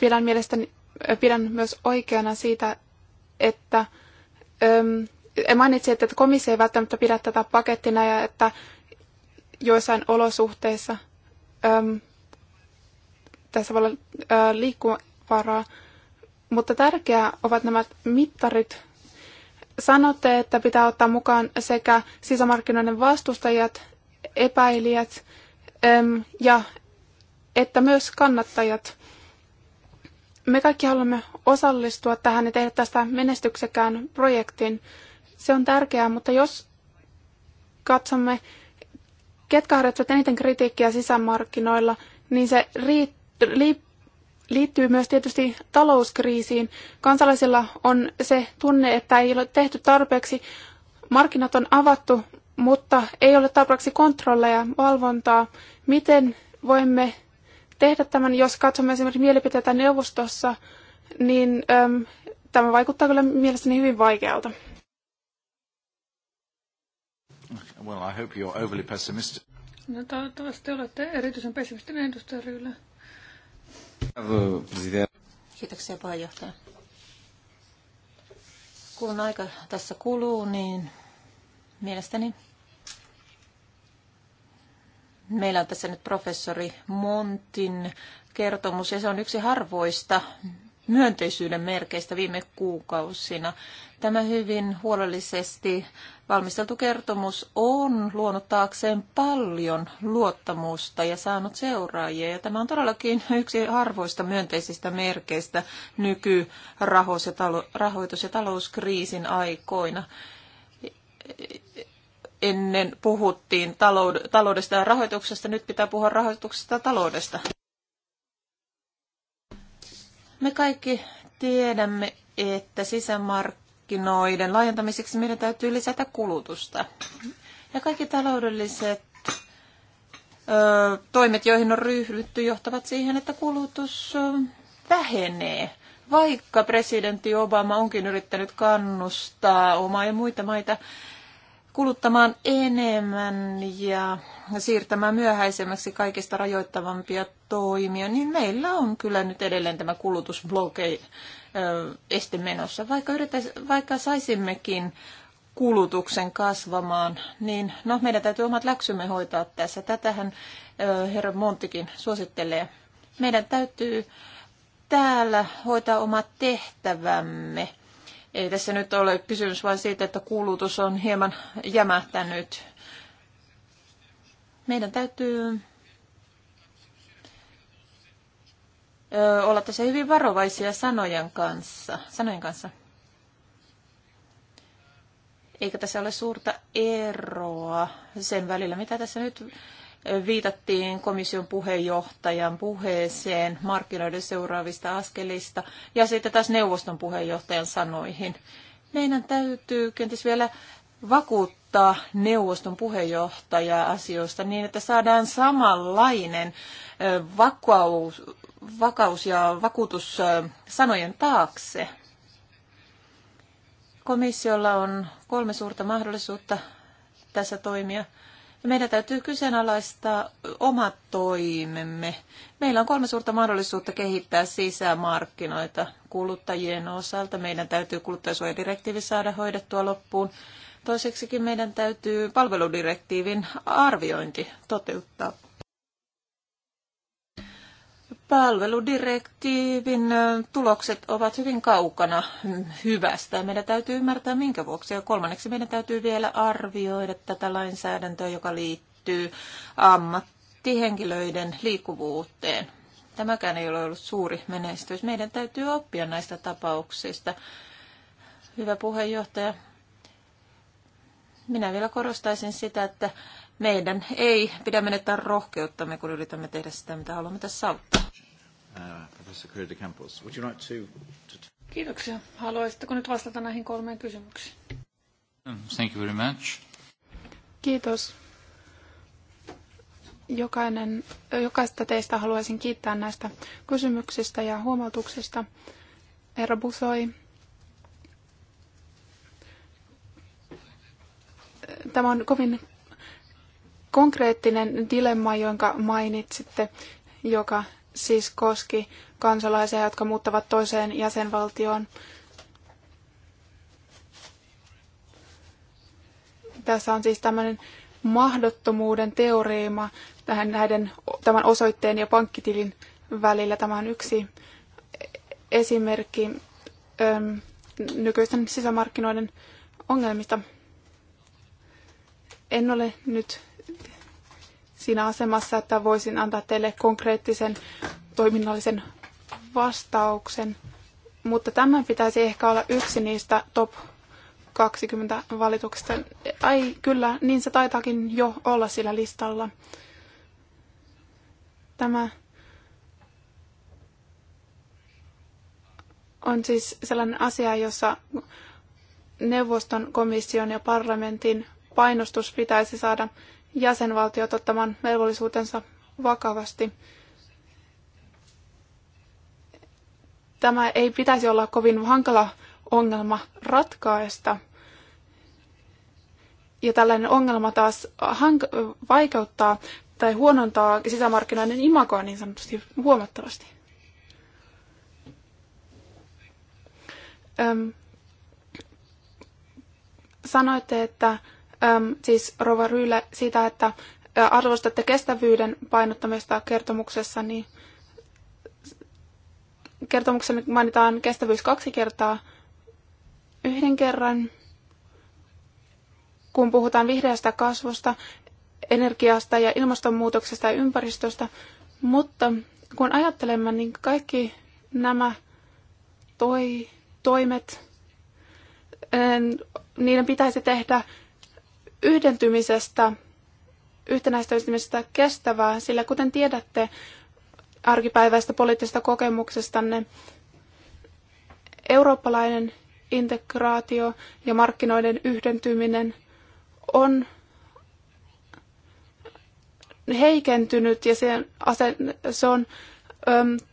Pidän mielestäni, pidän myös oikeana siitä, että mainitsitte, että komissio ei välttämättä pidä tätä pakettina ja että joissain olosuhteissa äm, tässä voi olla liikkuvaraa. Mutta tärkeää ovat nämä mittarit. Sanotte, että pitää ottaa mukaan sekä sisämarkkinoiden vastustajat, epäilijät äm, ja että myös kannattajat. Me kaikki haluamme osallistua tähän ja tehdä tästä menestyksekään projektin. Se on tärkeää, mutta jos katsomme, ketkä harjoittavat eniten kritiikkiä sisämarkkinoilla, niin se liittyy myös tietysti talouskriisiin. Kansalaisilla on se tunne, että ei ole tehty tarpeeksi. Markkinat on avattu, mutta ei ole tarpeeksi kontrolleja, valvontaa. Miten voimme tehdä tämän, jos katsomme esimerkiksi mielipiteitä neuvostossa, niin äm, tämä vaikuttaa kyllä mielestäni hyvin vaikealta. Well, I hope you're overly pessimistic. No toivottavasti olette erityisen pessimistinen edustaja Ryylä. Kiitoksia puheenjohtaja. Kun aika tässä kuluu, niin mielestäni meillä on tässä nyt professori Montin kertomus ja se on yksi harvoista myönteisyyden merkeistä viime kuukausina. Tämä hyvin huolellisesti valmisteltu kertomus on luonut taakseen paljon luottamusta ja saanut seuraajia. Ja tämä on todellakin yksi harvoista myönteisistä merkeistä nykyrahoitus- ja talouskriisin aikoina ennen puhuttiin taloudesta ja rahoituksesta, nyt pitää puhua rahoituksesta ja taloudesta. Me kaikki tiedämme, että sisämarkkinoiden laajentamiseksi meidän täytyy lisätä kulutusta. Ja kaikki taloudelliset ö, toimet, joihin on ryhdytty, johtavat siihen, että kulutus ö, vähenee. Vaikka presidentti Obama onkin yrittänyt kannustaa omaa ja muita maita kuluttamaan enemmän ja siirtämään myöhäisemmäksi kaikista rajoittavampia toimia, niin meillä on kyllä nyt edelleen tämä kulutusblokei este menossa. Vaikka, yritäis, vaikka saisimmekin kulutuksen kasvamaan, niin no, meidän täytyy omat läksymme hoitaa tässä. Tätähän herra Montikin suosittelee. Meidän täytyy täällä hoitaa omat tehtävämme ei tässä nyt ole kysymys vain siitä, että kulutus on hieman jämähtänyt. Meidän täytyy olla tässä hyvin varovaisia sanojen kanssa. Sanojen kanssa. Eikä tässä ole suurta eroa sen välillä, mitä tässä nyt viitattiin komission puheenjohtajan puheeseen markkinoiden seuraavista askelista ja sitten taas neuvoston puheenjohtajan sanoihin. Meidän täytyy kenties vielä vakuuttaa neuvoston puheenjohtajaa asioista niin, että saadaan samanlainen vakaus, vakaus ja vakuutus sanojen taakse. Komissiolla on kolme suurta mahdollisuutta tässä toimia – meidän täytyy kyseenalaistaa omat toimemme. Meillä on kolme suurta mahdollisuutta kehittää sisämarkkinoita kuluttajien osalta. Meidän täytyy kuluttajasuojadirektiivi saada hoidettua loppuun. Toiseksikin meidän täytyy palveludirektiivin arviointi toteuttaa palveludirektiivin tulokset ovat hyvin kaukana hyvästä. Meidän täytyy ymmärtää minkä vuoksi. Ja kolmanneksi meidän täytyy vielä arvioida tätä lainsäädäntöä, joka liittyy ammattihenkilöiden liikkuvuuteen. Tämäkään ei ole ollut suuri menestys. Meidän täytyy oppia näistä tapauksista. Hyvä puheenjohtaja, minä vielä korostaisin sitä, että meidän ei pidä menettää rohkeuttamme, kun yritämme tehdä sitä, mitä haluamme tässä auttaa. Uh, Professor de Campos. Would you like to, to... Kiitoksia. Haluaisitteko nyt vastata näihin kolmeen kysymyksiin? Um, thank you very much. Kiitos. Jokainen, jokaista teistä haluaisin kiittää näistä kysymyksistä ja huomautuksista. Herra Busoi, tämä on kovin konkreettinen dilemma, jonka mainitsitte, joka siis koski kansalaisia, jotka muuttavat toiseen jäsenvaltioon. Tässä on siis tämmöinen mahdottomuuden teoreema tähän näiden, tämän osoitteen ja pankkitilin välillä. Tämä on yksi esimerkki öm, ähm, nykyisten sisämarkkinoiden ongelmista. En ole nyt siinä asemassa, että voisin antaa teille konkreettisen toiminnallisen vastauksen. Mutta tämän pitäisi ehkä olla yksi niistä top 20 valituksista. Ai kyllä, niin se taitaakin jo olla sillä listalla. Tämä on siis sellainen asia, jossa neuvoston, komission ja parlamentin painostus pitäisi saada jäsenvaltiot ottamaan velvollisuutensa vakavasti. Tämä ei pitäisi olla kovin hankala ongelma ratkaista. Ja tällainen ongelma taas hank- vaikeuttaa tai huonontaa sisämarkkinoiden imagoa niin sanotusti huomattavasti. Öm, sanoitte, että äm, siis Rova Ryyle sitä, että äh, arvostatte kestävyyden painottamista kertomuksessa, niin kertomuksessa mainitaan kestävyys kaksi kertaa. Yhden kerran, kun puhutaan vihreästä kasvusta, energiasta ja ilmastonmuutoksesta ja ympäristöstä, mutta kun ajattelemme, niin kaikki nämä toi, toimet, niiden pitäisi tehdä yhdentymisestä, yhtenäistämisestä kestävää, sillä kuten tiedätte arkipäiväistä poliittisesta kokemuksestanne, eurooppalainen integraatio ja markkinoiden yhdentyminen on heikentynyt ja se, se on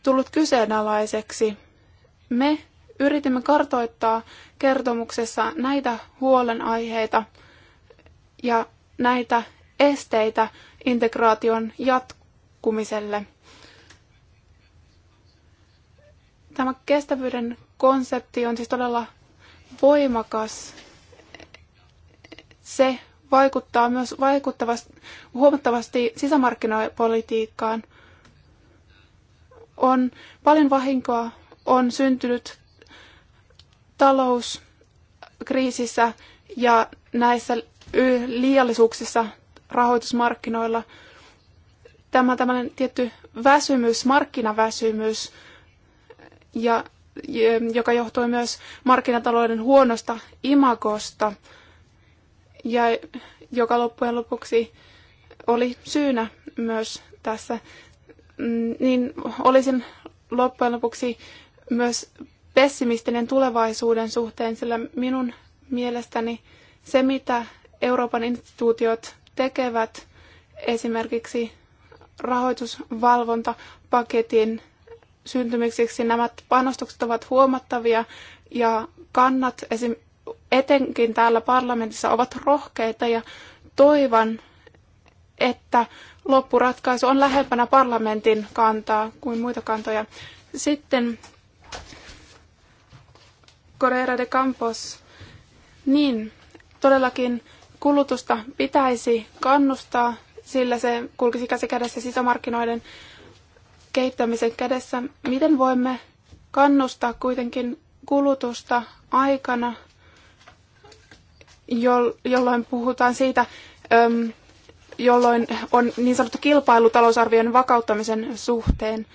tullut kyseenalaiseksi. Me yritimme kartoittaa kertomuksessa näitä huolenaiheita – ja näitä esteitä integraation jatkumiselle. Tämä kestävyyden konsepti on siis todella voimakas. Se vaikuttaa myös vaikuttavasti, huomattavasti sisämarkkinapolitiikkaan. On paljon vahinkoa on syntynyt talouskriisissä ja näissä liiallisuuksissa rahoitusmarkkinoilla. Tämä tämmöinen tietty väsymys, markkinaväsymys, ja, joka johtui myös markkinatalouden huonosta imagosta, ja joka loppujen lopuksi oli syynä myös tässä, mm, niin olisin loppujen lopuksi myös pessimistinen tulevaisuuden suhteen, sillä minun mielestäni se, mitä Euroopan instituutiot tekevät esimerkiksi rahoitusvalvontapaketin syntymiseksi. Nämä panostukset ovat huomattavia ja kannat esim. etenkin täällä parlamentissa ovat rohkeita ja toivon, että loppuratkaisu on lähempänä parlamentin kantaa kuin muita kantoja. Sitten Correira de Campos. Niin, todellakin Kulutusta pitäisi kannustaa, sillä se kulkisi käsi kädessä sisämarkkinoiden kehittämisen kädessä. Miten voimme kannustaa kuitenkin kulutusta aikana, jolloin puhutaan siitä, jolloin on niin sanottu kilpailu talousarvion vakauttamisen suhteen.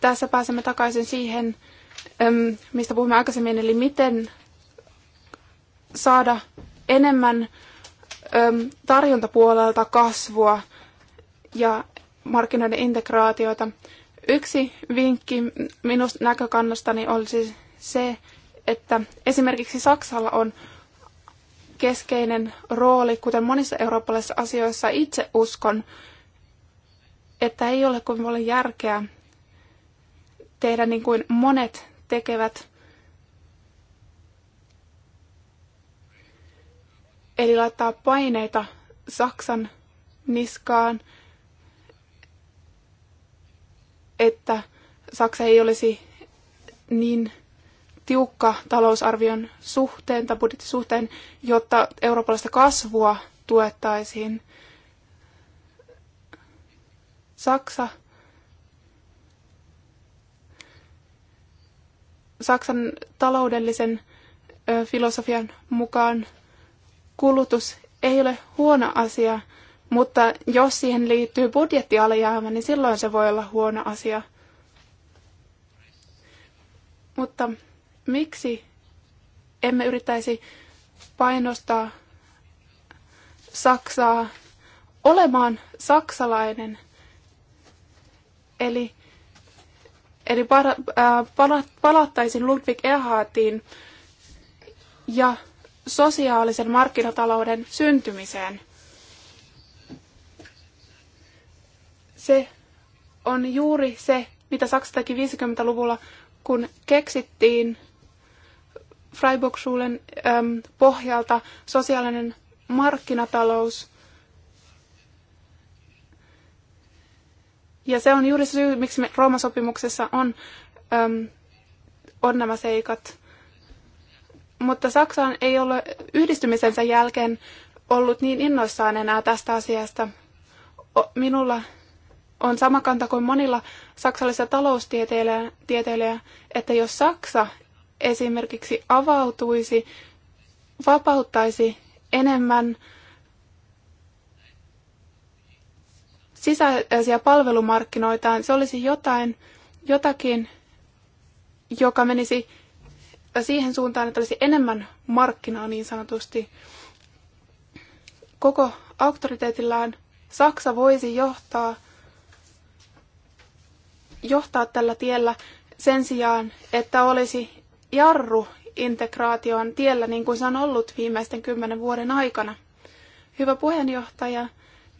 Tässä pääsemme takaisin siihen, mistä puhumme aikaisemmin, eli miten saada enemmän tarjontapuolelta kasvua ja markkinoiden integraatiota. Yksi vinkki minun näkökannastani olisi se, että esimerkiksi Saksalla on keskeinen rooli, kuten monissa eurooppalaisissa asioissa itse uskon, että ei ole kovin paljon järkeä tehdä niin kuin monet tekevät, eli laittaa paineita Saksan niskaan, että Saksa ei olisi niin tiukka talousarvion suhteen tai budjettisuhteen, jotta eurooppalaista kasvua tuettaisiin. Saksa Saksan taloudellisen filosofian mukaan kulutus ei ole huono asia, mutta jos siihen liittyy budjettialijäämä, niin silloin se voi olla huono asia. Mutta miksi emme yrittäisi painostaa Saksaa olemaan saksalainen? Eli, eli para, äh, palattaisin Ludwig Erhardtiin ja sosiaalisen markkinatalouden syntymiseen. Se on juuri se, mitä Saksa teki 50-luvulla, kun keksittiin freiburg pohjalta sosiaalinen markkinatalous. Ja se on juuri se syy, miksi me Rooman sopimuksessa on, äm, on nämä seikat mutta Saksaan ei ole yhdistymisensä jälkeen ollut niin innoissaan enää tästä asiasta. Minulla on sama kanta kuin monilla saksalaisilla taloustieteilijöillä, että jos Saksa esimerkiksi avautuisi, vapauttaisi enemmän sisäisiä palvelumarkkinoitaan, se olisi jotain, jotakin, joka menisi siihen suuntaan, että olisi enemmän markkinaa niin sanotusti. Koko auktoriteetillään. Saksa voisi johtaa, johtaa tällä tiellä sen sijaan, että olisi jarru integraation tiellä, niin kuin se on ollut viimeisten kymmenen vuoden aikana. Hyvä puheenjohtaja,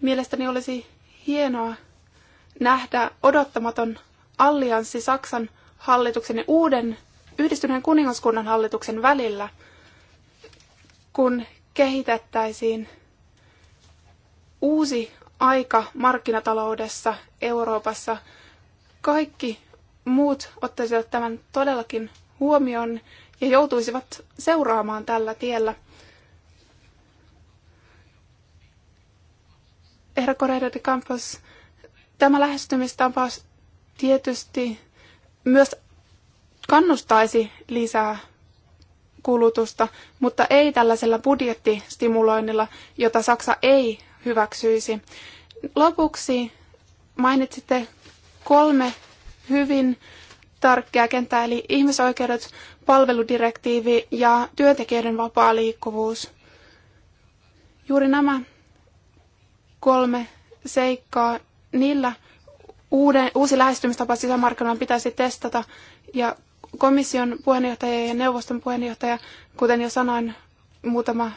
mielestäni olisi hienoa nähdä odottamaton allianssi Saksan hallituksen ja uuden yhdistyneen kuningaskunnan hallituksen välillä, kun kehitettäisiin uusi aika markkinataloudessa Euroopassa. Kaikki muut ottaisivat tämän todellakin huomioon ja joutuisivat seuraamaan tällä tiellä. Herra Correa de Campos, tämä lähestymistapa tietysti myös kannustaisi lisää kulutusta, mutta ei tällaisella budjettistimuloinnilla, jota Saksa ei hyväksyisi. Lopuksi mainitsitte kolme hyvin tärkeää kenttää, eli ihmisoikeudet, palveludirektiivi ja työntekijöiden vapaa liikkuvuus. Juuri nämä kolme seikkaa, niillä uuden, uusi lähestymistapa sisämarkkinoilla pitäisi testata ja komission puheenjohtaja ja neuvoston puheenjohtaja, kuten jo sanoin muutama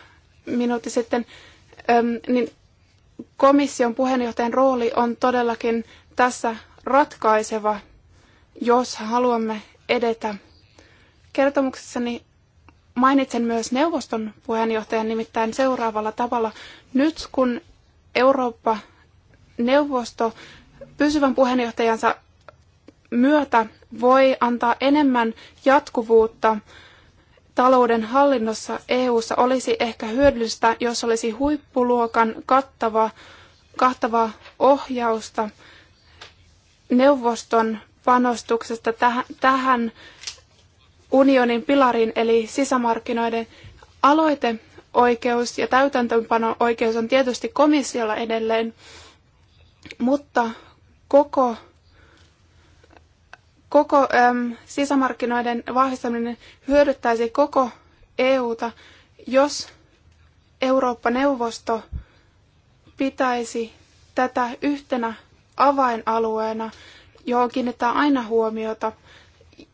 minuutti sitten, niin komission puheenjohtajan rooli on todellakin tässä ratkaiseva, jos haluamme edetä. Kertomuksessani mainitsen myös neuvoston puheenjohtajan nimittäin seuraavalla tavalla. Nyt kun Eurooppa-neuvosto pysyvän puheenjohtajansa myötä voi antaa enemmän jatkuvuutta talouden hallinnossa EU:ssa olisi ehkä hyödyllistä, jos olisi huippuluokan kattava, kattavaa ohjausta neuvoston panostuksesta tähän unionin pilariin, eli sisämarkkinoiden aloiteoikeus ja täytäntöönpano-oikeus on tietysti komissiolla edelleen, mutta koko koko äm, sisämarkkinoiden vahvistaminen hyödyttäisi koko EUta, jos Eurooppa-neuvosto pitäisi tätä yhtenä avainalueena, johon kiinnittää aina huomiota.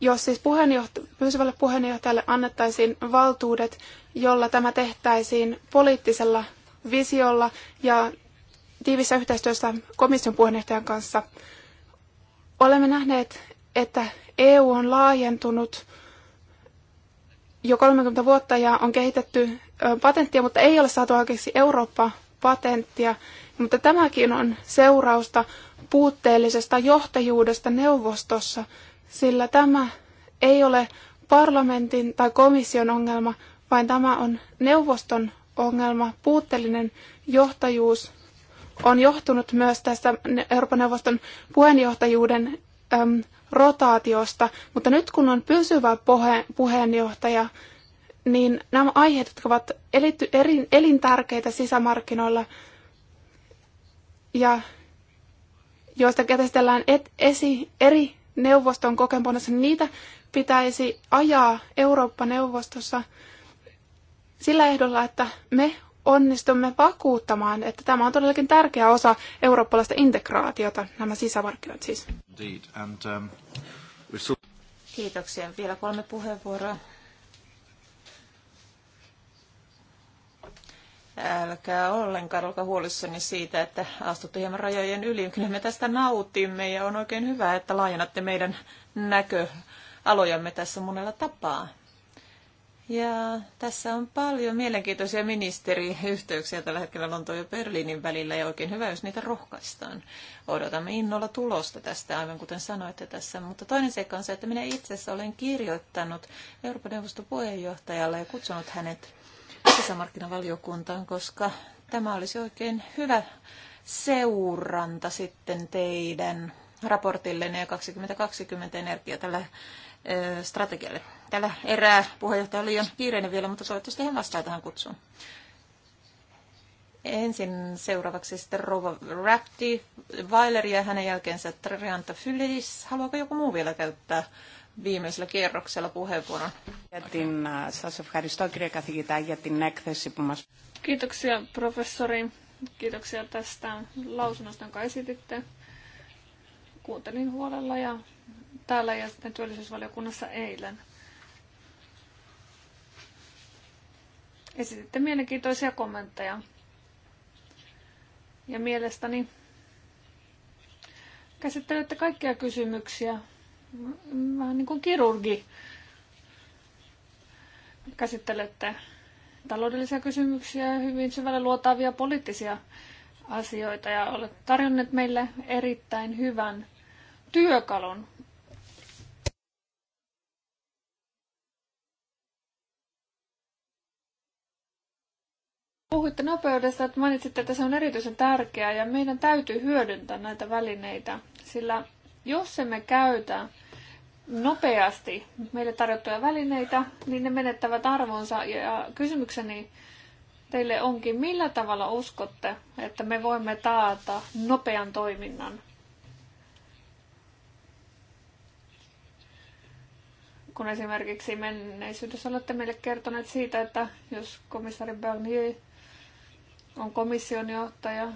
Jos siis puheenjohta- pysyvälle puheenjohtajalle annettaisiin valtuudet, jolla tämä tehtäisiin poliittisella visiolla ja tiivissä yhteistyössä komission puheenjohtajan kanssa, olemme nähneet, että EU on laajentunut jo 30 vuotta ja on kehitetty patenttia, mutta ei ole saatu oikeasti Eurooppa-patenttia. Mutta tämäkin on seurausta puutteellisesta johtajuudesta neuvostossa, sillä tämä ei ole parlamentin tai komission ongelma, vaan tämä on neuvoston ongelma. Puutteellinen johtajuus on johtunut myös tästä Euroopan neuvoston puheenjohtajuuden äm, rotaatiosta, mutta nyt kun on pysyvä puhe, puheenjohtaja, niin nämä aiheet, jotka ovat elintärkeitä sisämarkkinoilla ja joista käsitellään et, esi, eri neuvoston kokemuksessa, niin niitä pitäisi ajaa Eurooppa-neuvostossa sillä ehdolla, että me onnistumme vakuuttamaan, että tämä on todellakin tärkeä osa eurooppalaista integraatiota, nämä sisämarkkinat siis. Um, Kiitoksia. Vielä kolme puheenvuoroa. Älkää ollenkaan olkaa huolissani siitä, että astutte hieman rajojen yli. Kyllä me tästä nautimme ja on oikein hyvä, että laajennatte meidän näköalojamme tässä monella tapaa. Ja tässä on paljon mielenkiintoisia ministeriyhteyksiä tällä hetkellä Lontoon ja Berliinin välillä ja oikein hyvä, jos niitä rohkaistaan. Odotamme innolla tulosta tästä, aivan kuten sanoitte tässä. Mutta toinen seikka on se, että minä itse asiassa olen kirjoittanut Euroopan neuvoston puheenjohtajalle ja kutsunut hänet sisämarkkinavaliokuntaan, koska tämä olisi oikein hyvä seuranta sitten teidän raportillenne ja 2020 energia tällä strategialle täällä erää puheenjohtaja oli liian kiireinen vielä, mutta toivottavasti hän vastaa tähän kutsuun. Ensin seuraavaksi sitten Rova Rapti, Weiler ja hänen jälkeensä Trianta Fylis. Haluaako joku muu vielä käyttää viimeisellä kierroksella puheenvuoron? Kiitoksia professori. Kiitoksia tästä lausunnosta, jonka esititte. Kuuntelin huolella ja täällä ja sitten työllisyysvaliokunnassa eilen. Esititte mielenkiintoisia kommentteja. Ja mielestäni käsittelette kaikkia kysymyksiä. Vähän niin kuin kirurgi. Käsittelette taloudellisia kysymyksiä, hyvin syvälle luotaavia poliittisia asioita ja olet tarjonneet meille erittäin hyvän työkalun Puhuitte nopeudesta, että mainitsitte, että se on erityisen tärkeää ja meidän täytyy hyödyntää näitä välineitä, sillä jos emme käytä nopeasti meille tarjottuja välineitä, niin ne menettävät arvonsa. Ja kysymykseni teille onkin, millä tavalla uskotte, että me voimme taata nopean toiminnan? Kun esimerkiksi menneisyydessä olette meille kertoneet siitä, että jos komissaari Bernier on komission johtaja,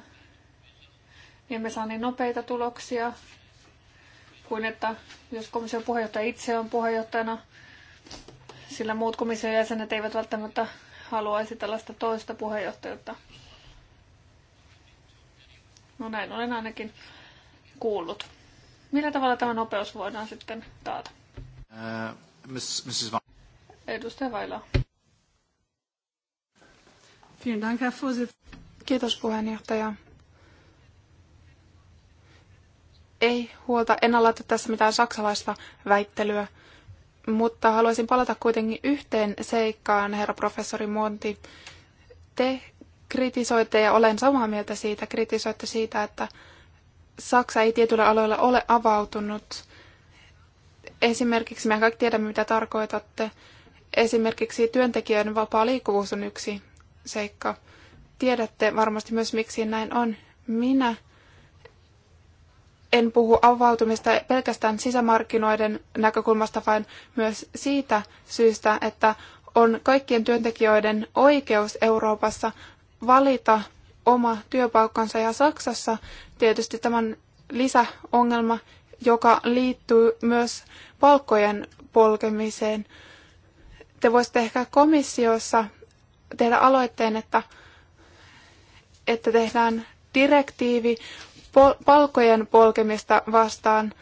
niin me saamme niin nopeita tuloksia kuin että jos komission puheenjohtaja itse on puheenjohtajana, sillä muut komission jäsenet eivät välttämättä haluaisi tällaista toista puheenjohtajuutta. No näin olen ainakin kuullut. Millä tavalla tämä nopeus voidaan sitten taata? Uh, äh, Mrs. Va- Edustaja Vaila. Vielen Dank, Herr Vorsitz. Kiitos puheenjohtaja. Ei huolta, en ala tässä mitään saksalaista väittelyä, mutta haluaisin palata kuitenkin yhteen seikkaan, herra professori Monti. Te kritisoitte, ja olen samaa mieltä siitä, kritisoitte siitä, että Saksa ei tietyillä aloilla ole avautunut. Esimerkiksi me kaikki tiedämme, mitä tarkoitatte. Esimerkiksi työntekijöiden vapaa liikkuvuus on yksi seikka tiedätte varmasti myös, miksi näin on. Minä en puhu avautumista pelkästään sisämarkkinoiden näkökulmasta, vaan myös siitä syystä, että on kaikkien työntekijöiden oikeus Euroopassa valita oma työpaikkansa. Ja Saksassa tietysti tämän lisäongelma, joka liittyy myös palkkojen polkemiseen. Te voisitte ehkä komissiossa tehdä aloitteen, että että tehdään direktiivi palkojen polkemista vastaan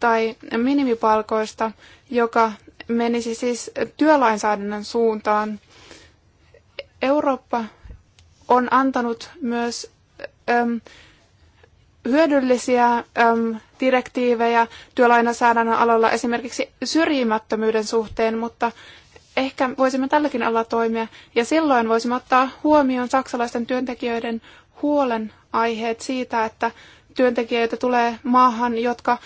tai minimipalkoista, joka menisi siis työlainsäädännön suuntaan. Eurooppa on antanut myös äm, hyödyllisiä äm, direktiivejä työlainsäädännön alalla esimerkiksi syrjimättömyyden suhteen, mutta ehkä voisimme tälläkin alalla toimia, ja silloin voisimme ottaa huomioon saksalaisten työntekijöiden huolen aiheet siitä, että työntekijöitä tulee maahan, jotka,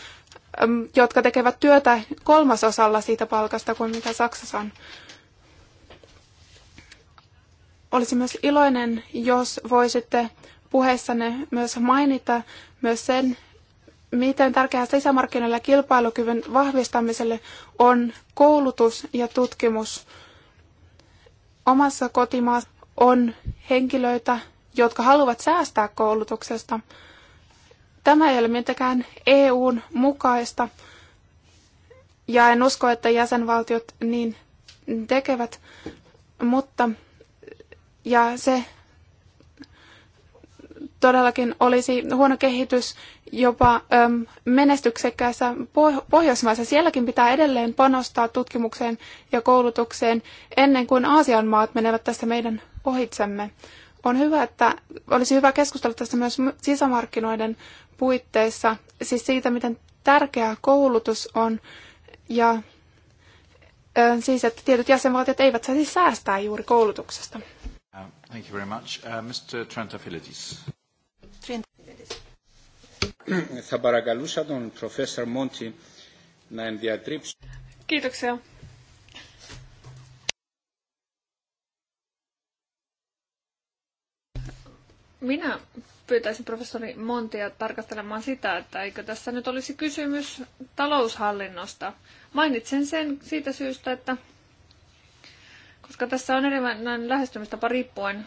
jotka tekevät työtä kolmasosalla siitä palkasta kuin mitä Saksassa on. Olisin myös iloinen, jos voisitte puheessanne myös mainita myös sen, miten tärkeää sisämarkkinoilla ja kilpailukyvyn vahvistamiselle on koulutus ja tutkimus. Omassa kotimaassa on henkilöitä, jotka haluavat säästää koulutuksesta. Tämä ei ole mitenkään EUn mukaista, ja en usko, että jäsenvaltiot niin tekevät, mutta ja se todellakin olisi huono kehitys, jopa äm, menestyksekkäässä Pohjoismaissa. Sielläkin pitää edelleen panostaa tutkimukseen ja koulutukseen ennen kuin Aasian maat menevät tässä meidän ohitsemme. On hyvä, että olisi hyvä keskustella tästä myös sisämarkkinoiden puitteissa, siis siitä, miten tärkeää koulutus on ja siis, että tietyt jäsenvaltiot eivät saisi säästää juuri koulutuksesta. Uh, thank you very much. Uh, Mr. Trentafilidis. Trentafilidis. Θα παρακαλούσα τον προφέσορ Μόντι να ενδιατρύψει. Κοίταξε. Minä pyytäisin professori Montia tarkastelemaan sitä, että eikö tässä nyt olisi kysymys taloushallinnosta. Mainitsen sen siitä syystä, että koska tässä on erilainen lähestymistapa riippuen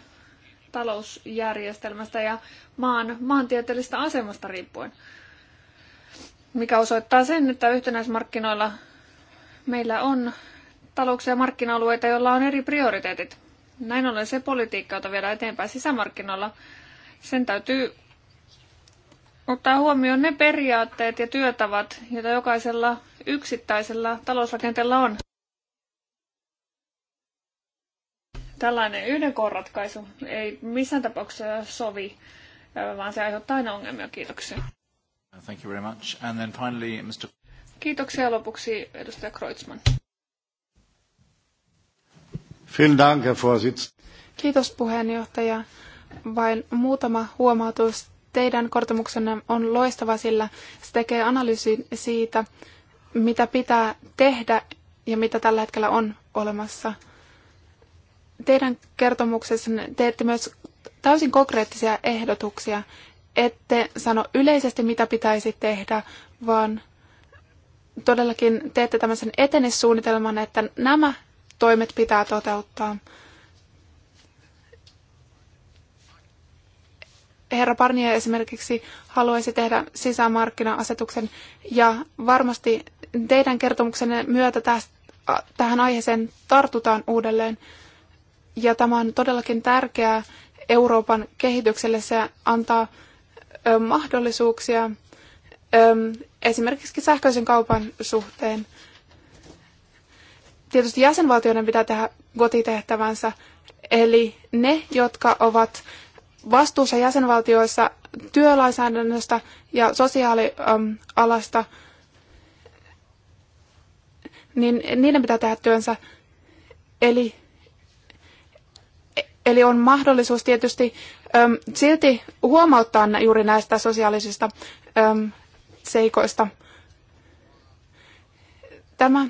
talousjärjestelmästä ja maan maantieteellisestä asemasta riippuen. Mikä osoittaa sen, että yhtenäismarkkinoilla meillä on talouksia ja markkina-alueita, joilla on eri prioriteetit. Näin ollen se politiikka, jota viedään eteenpäin sisämarkkinoilla, sen täytyy ottaa huomioon ne periaatteet ja työtavat, joita jokaisella yksittäisellä talousrakenteella on. Tällainen yhden ratkaisu ei missään tapauksessa sovi, vaan se aiheuttaa aina ongelmia. Kiitoksia. Thank you very much. And then finally, Mr. Kiitoksia lopuksi edustaja Kreutzmann. Vielen Dank, Herr Vorsitz. Kiitos puheenjohtaja. Vain muutama huomautus. Teidän kortomuksenne on loistava, sillä se tekee analyysin siitä, mitä pitää tehdä ja mitä tällä hetkellä on olemassa teidän kertomuksessanne teette myös täysin konkreettisia ehdotuksia. Ette sano yleisesti, mitä pitäisi tehdä, vaan todellakin teette tämmöisen etenissuunnitelman, että nämä toimet pitää toteuttaa. Herra Parnia esimerkiksi haluaisi tehdä sisämarkkina-asetuksen ja varmasti teidän kertomuksenne myötä tästä, tähän aiheeseen tartutaan uudelleen. Ja tämä on todellakin tärkeää Euroopan kehitykselle. Se antaa ö, mahdollisuuksia ö, esimerkiksi sähköisen kaupan suhteen. Tietysti jäsenvaltioiden pitää tehdä kotitehtävänsä, eli ne, jotka ovat vastuussa jäsenvaltioissa työlainsäädännöstä ja sosiaalialasta, niin niiden pitää tehdä työnsä. Eli Eli on mahdollisuus tietysti äm, silti huomauttaa juuri näistä sosiaalisista äm, seikoista. Tämä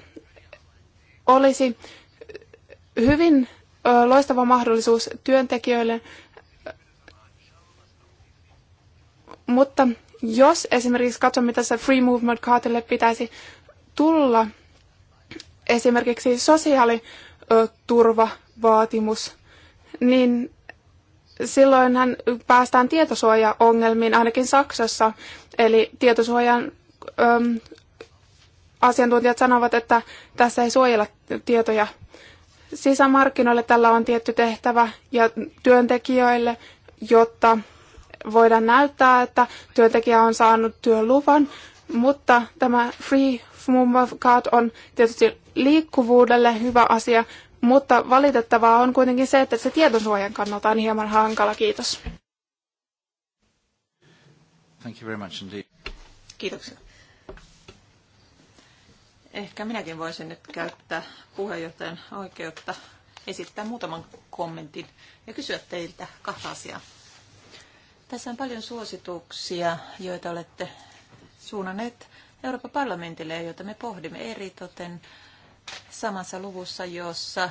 olisi hyvin ö, loistava mahdollisuus työntekijöille, mutta jos esimerkiksi katsomme tässä Free Movement Cardille pitäisi tulla esimerkiksi sosiaaliturvavaatimus, niin silloinhan päästään tietosuojaongelmiin, ainakin Saksassa. Eli tietosuojan äm, asiantuntijat sanovat, että tässä ei suojella tietoja. Sisämarkkinoille tällä on tietty tehtävä ja työntekijöille, jotta voidaan näyttää, että työntekijä on saanut työluvan, mutta tämä Free Movement Card on tietysti liikkuvuudelle hyvä asia, mutta valitettavaa on kuitenkin se, että se tietosuojan kannalta on hieman hankala. Kiitos. Thank you very much indeed. Kiitoksia. Ehkä minäkin voisin nyt käyttää puheenjohtajan oikeutta esittää muutaman kommentin ja kysyä teiltä kahta asiaa. Tässä on paljon suosituksia, joita olette suunnanneet Euroopan parlamentille ja joita me pohdimme eritoten samassa luvussa, jossa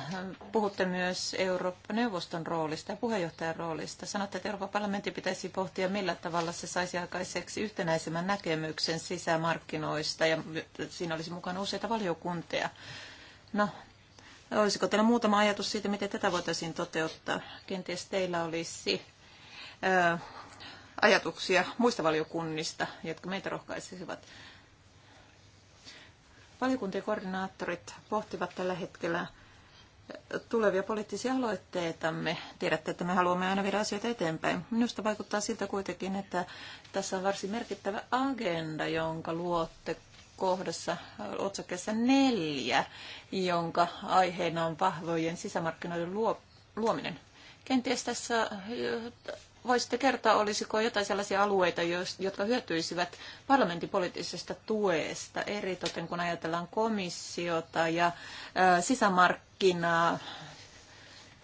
puhutte myös Eurooppa-neuvoston roolista ja puheenjohtajan roolista. Sanotte, että Euroopan parlamentti pitäisi pohtia, millä tavalla se saisi aikaiseksi yhtenäisemmän näkemyksen sisämarkkinoista ja siinä olisi mukana useita valiokuntia. No, olisiko teillä muutama ajatus siitä, miten tätä voitaisiin toteuttaa? Kenties teillä olisi ajatuksia muista valiokunnista, jotka meitä rohkaisisivat. Valiokuntien koordinaattorit pohtivat tällä hetkellä tulevia poliittisia aloitteitamme. Tiedätte, että me haluamme aina viedä asioita eteenpäin. Minusta vaikuttaa siltä kuitenkin, että tässä on varsin merkittävä agenda, jonka luotte kohdassa otsakkeessa neljä, jonka aiheena on vahvojen sisämarkkinoiden luo, luominen. Kenties tässä voisitte kertoa, olisiko jotain sellaisia alueita, jotka hyötyisivät parlamentin poliittisesta tuesta, eritoten kun ajatellaan komissiota ja sisämarkkinaa,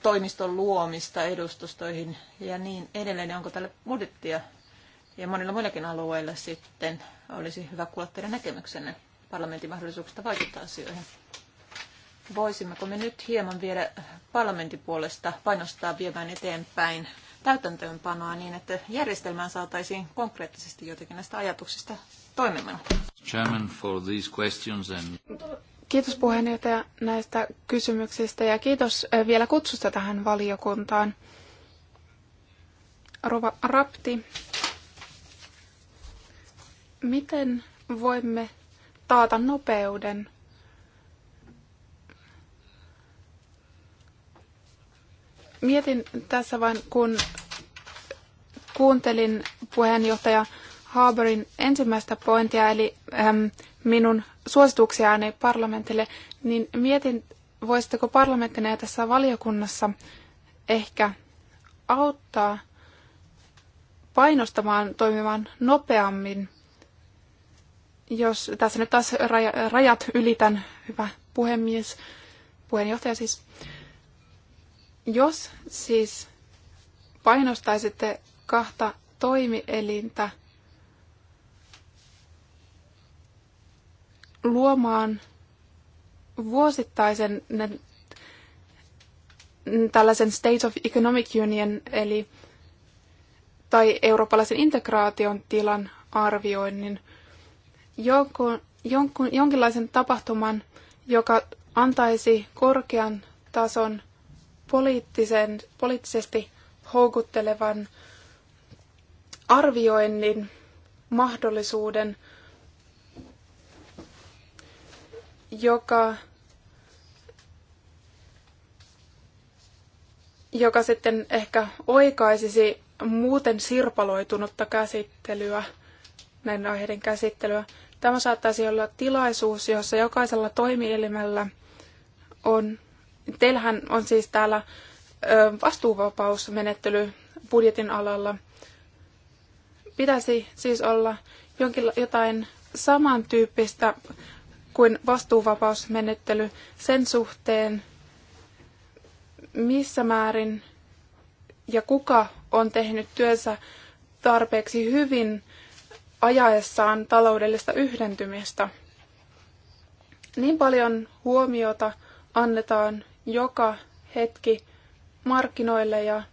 toimiston luomista edustustoihin ja niin edelleen. Niin onko tälle budjettia ja monilla muillakin alueilla sitten olisi hyvä kuulla teidän näkemyksenne parlamentin mahdollisuuksista vaikuttaa asioihin. Voisimmeko me nyt hieman vielä parlamentin puolesta painostaa viemään eteenpäin täytäntöönpanoa niin, että järjestelmään saataisiin konkreettisesti jotakin näistä ajatuksista toimimaan. Chairman for these questions and... Kiitos puheenjohtaja näistä kysymyksistä ja kiitos eh, vielä kutsusta tähän valiokuntaan. Rova Rapti, miten voimme taata nopeuden Mietin tässä vain, kun kuuntelin puheenjohtaja Haberin ensimmäistä pointia, eli äm, minun suosituksiaani parlamentille, niin mietin, voisitteko parlamenttina tässä valiokunnassa ehkä auttaa painostamaan toimimaan nopeammin, jos tässä nyt taas rajat ylitän, hyvä puhemies, puheenjohtaja siis, jos siis painostaisitte kahta toimielintä luomaan vuosittaisen tällaisen State of Economic Union, eli tai eurooppalaisen integraation tilan arvioinnin, jonkun, jonkun, jonkinlaisen tapahtuman, joka antaisi korkean tason poliittisen, poliittisesti houkuttelevan arvioinnin mahdollisuuden, joka, joka sitten ehkä oikaisisi muuten sirpaloitunutta käsittelyä, näiden aiheiden käsittelyä. Tämä saattaisi olla tilaisuus, jossa jokaisella toimielimellä on Teillähän on siis täällä vastuuvapausmenettely budjetin alalla. Pitäisi siis olla jonkin, jotain samantyyppistä kuin vastuuvapausmenettely sen suhteen, missä määrin ja kuka on tehnyt työnsä tarpeeksi hyvin ajaessaan taloudellista yhdentymistä. Niin paljon huomiota annetaan joka hetki markkinoille ja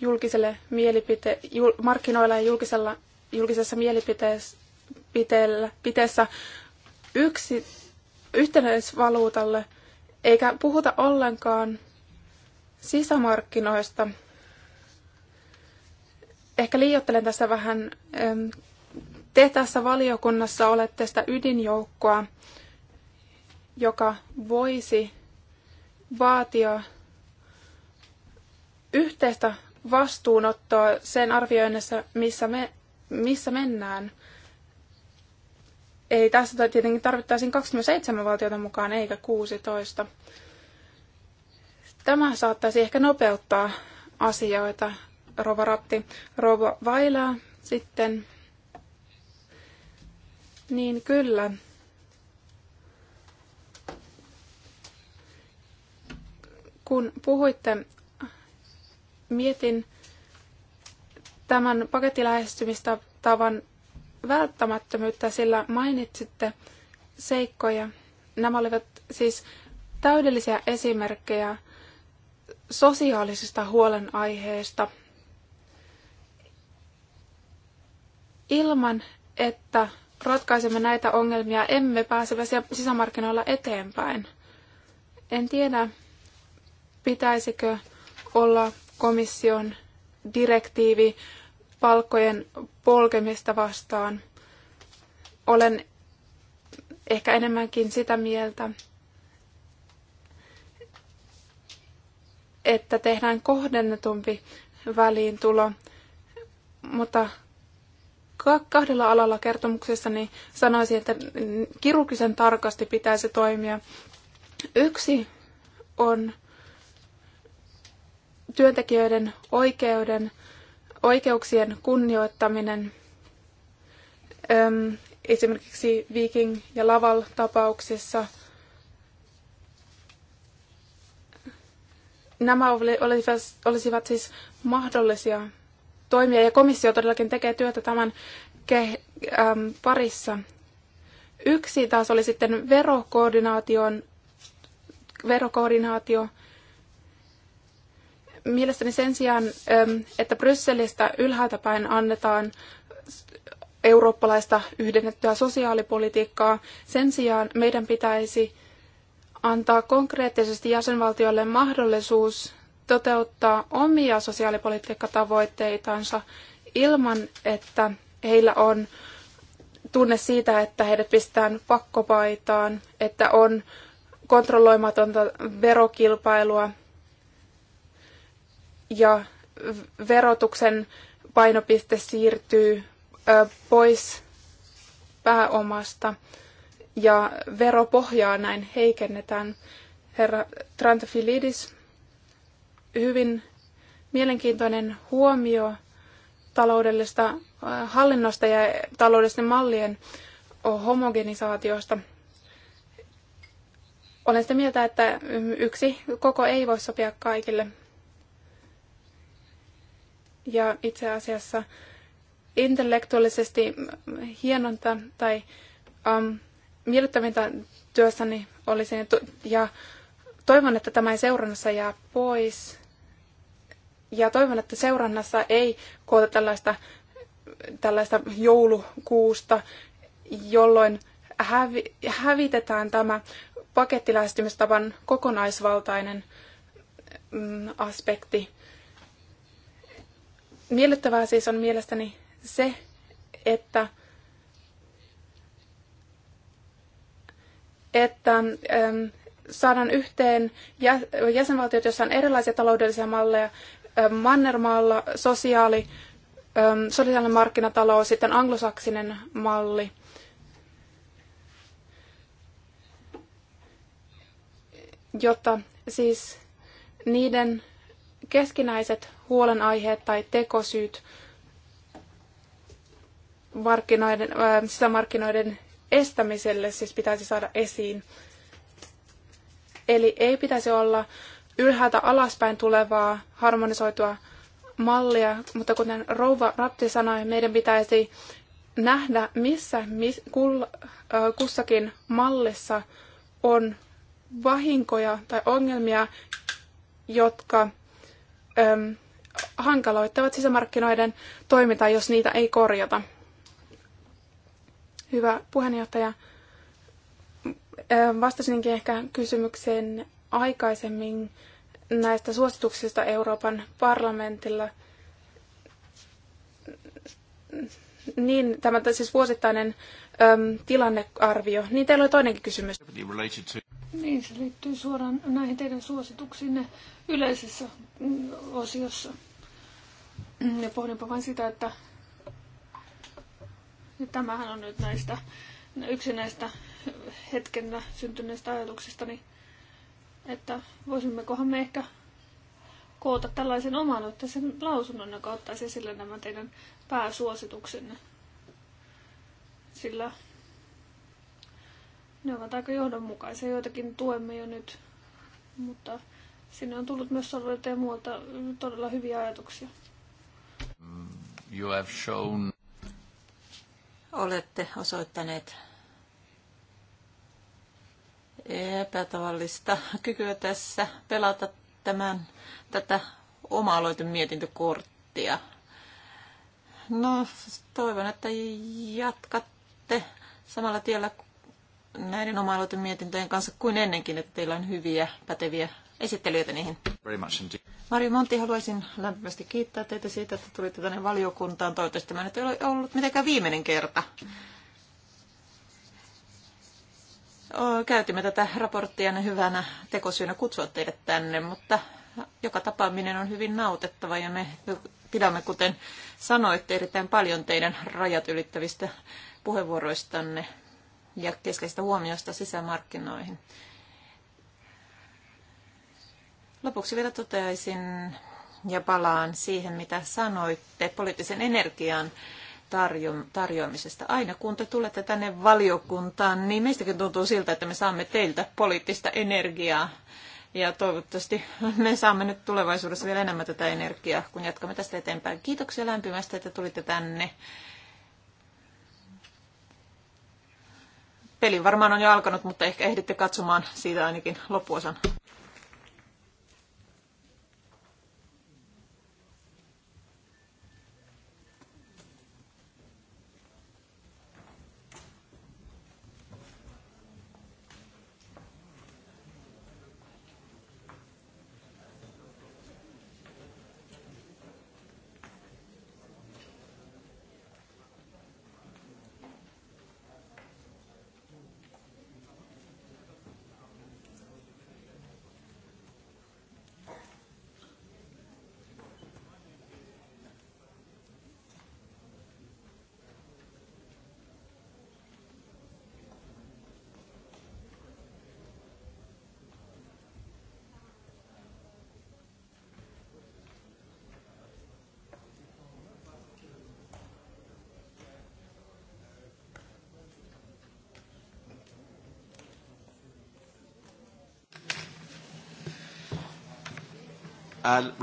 julkiselle mielipite, jul, markkinoilla ja julkisella, julkisessa mielipiteessä yksi yhtenäisvaluutalle, eikä puhuta ollenkaan sisämarkkinoista. Ehkä liiottelen tässä vähän. Te tässä valiokunnassa olette sitä ydinjoukkoa, joka voisi vaatia yhteistä vastuunottoa sen arvioinnissa, missä, me, missä mennään. Eli tässä tietenkin tarvittaisiin 27 valtiota mukaan, eikä 16. Tämä saattaisi ehkä nopeuttaa asioita. Rova Rapti, Rova Vailaa sitten. Niin kyllä, Kun puhuitte, mietin tämän pakettilähestymistavan välttämättömyyttä, sillä mainitsitte seikkoja. Nämä olivat siis täydellisiä esimerkkejä sosiaalisesta huolenaiheesta. ilman, että ratkaisemme näitä ongelmia, emme pääse sisämarkkinoilla eteenpäin. En tiedä, pitäisikö olla komission direktiivi palkkojen polkemista vastaan. Olen ehkä enemmänkin sitä mieltä, että tehdään kohdennetumpi väliintulo, mutta kahdella alalla kertomuksessa niin sanoisin, että kirurgisen tarkasti pitäisi toimia. Yksi on työntekijöiden oikeuden, oikeuksien kunnioittaminen. esimerkiksi Viking ja Laval tapauksissa nämä olisivat siis mahdollisia toimia, ja komissio todellakin tekee työtä tämän parissa. Yksi taas oli sitten verokoordinaation, verokoordinaatio, Mielestäni sen sijaan, ähm, että Brysselistä ylhäältä päin annetaan eurooppalaista yhdennettyä sosiaalipolitiikkaa, sen sijaan meidän pitäisi antaa konkreettisesti jäsenvaltioille mahdollisuus toteuttaa omia sosiaalipolitiikkatavoitteitansa ilman, että heillä on tunne siitä, että heidät pistetään pakkopaitaan, että on kontrolloimatonta verokilpailua ja verotuksen painopiste siirtyy pois pääomasta ja veropohjaa näin heikennetään. Herra Trantafilidis, hyvin mielenkiintoinen huomio taloudellista hallinnosta ja taloudellisten mallien homogenisaatiosta. Olen sitä mieltä, että yksi koko ei voi sopia kaikille ja itse asiassa intellektuaalisesti hienonta tai um, miellyttävintä työssäni olisi, ja toivon, että tämä ei seurannassa jää pois, ja toivon, että seurannassa ei koota tällaista, tällaista joulukuusta, jolloin hävi, hävitetään tämä pakettilähestymistavan kokonaisvaltainen mm, aspekti. Miellyttävää siis on mielestäni se, että, että äm, saadaan yhteen jäsenvaltiot, joissa on erilaisia taloudellisia malleja. Ähm, Mannermaalla sosiaali, äm, sosiaalinen markkinatalous, sitten anglosaksinen malli. Jotta siis niiden keskinäiset huolenaiheet tai tekosyyt markkinoiden, sisämarkkinoiden estämiselle siis pitäisi saada esiin. Eli ei pitäisi olla ylhäältä alaspäin tulevaa harmonisoitua mallia, mutta kuten Rouva Ratti sanoi, meidän pitäisi nähdä, missä mis, äh, kussakin mallissa on vahinkoja tai ongelmia, jotka äm, hankaloittavat sisämarkkinoiden toimintaa, jos niitä ei korjata. Hyvä puheenjohtaja. Vastasinkin ehkä kysymykseen aikaisemmin näistä suosituksista Euroopan parlamentilla. Niin, tämä siis vuosittainen äm, tilannearvio. Niin teillä oli toinenkin kysymys. Niin, se liittyy suoraan näihin teidän suosituksiinne yleisessä osiossa. Ja pohdinpa vain sitä, että ja tämähän on nyt näistä, yksi näistä hetkenä syntyneistä ajatuksista, niin että voisimmekohan me ehkä koota tällaisen oman sen lausunnon, joka ottaisi esille nämä teidän pääsuosituksenne. Sillä ne ovat aika johdonmukaisia, joitakin tuemme jo nyt, mutta sinne on tullut myös sorvelta ja muualta todella hyviä ajatuksia. Mm, you have shown... Olette osoittaneet epätavallista kykyä tässä pelata tämän, tätä oma mietintökorttia. No, toivon, että jatkatte samalla tiellä näiden oma mietintöjen kanssa kuin ennenkin, että teillä on hyviä, päteviä esittelyitä niihin. Mari Monti, haluaisin lämpimästi kiittää teitä siitä, että tulitte tänne valiokuntaan. Toivottavasti tämä nyt ei ole ollut mitenkään viimeinen kerta. Käytimme tätä raporttia hyvänä tekosyynä kutsua teidät tänne, mutta joka tapaaminen on hyvin nautettava ja me pidämme, kuten sanoitte, erittäin paljon teidän rajat ylittävistä puheenvuoroistanne ja keskeistä huomiosta sisämarkkinoihin. Lopuksi vielä toteaisin ja palaan siihen, mitä sanoitte poliittisen energian tarjo- tarjoamisesta. Aina kun te tulette tänne valiokuntaan, niin meistäkin tuntuu siltä, että me saamme teiltä poliittista energiaa. Ja toivottavasti me saamme nyt tulevaisuudessa vielä enemmän tätä energiaa, kun jatkamme tästä eteenpäin. Kiitoksia lämpimästi, että tulitte tänne Peli varmaan on jo alkanut, mutta ehkä ehditte katsomaan siitä ainakin loppuosan.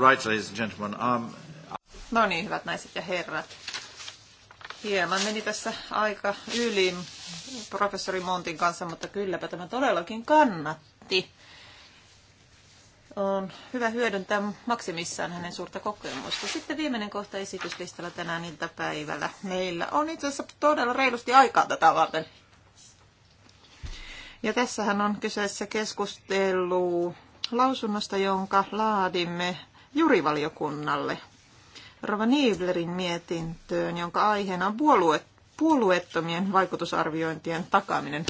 right, ladies and gentlemen. Um... No niin, hyvät naiset ja herrat. Hieman meni tässä aika yli professori Montin kanssa, mutta kylläpä tämä todellakin kannatti. On hyvä hyödyntää maksimissaan hänen suurta kokemusta. Sitten viimeinen kohta esityslistalla tänään iltapäivällä. Meillä on itse asiassa todella reilusti aikaa tätä varten. Ja tässähän on kyseessä keskustelu lausunnosta, jonka laadimme jurivaliokunnalle Rova Nieblerin mietintöön, jonka aiheena on puolue, puolueettomien vaikutusarviointien takaaminen.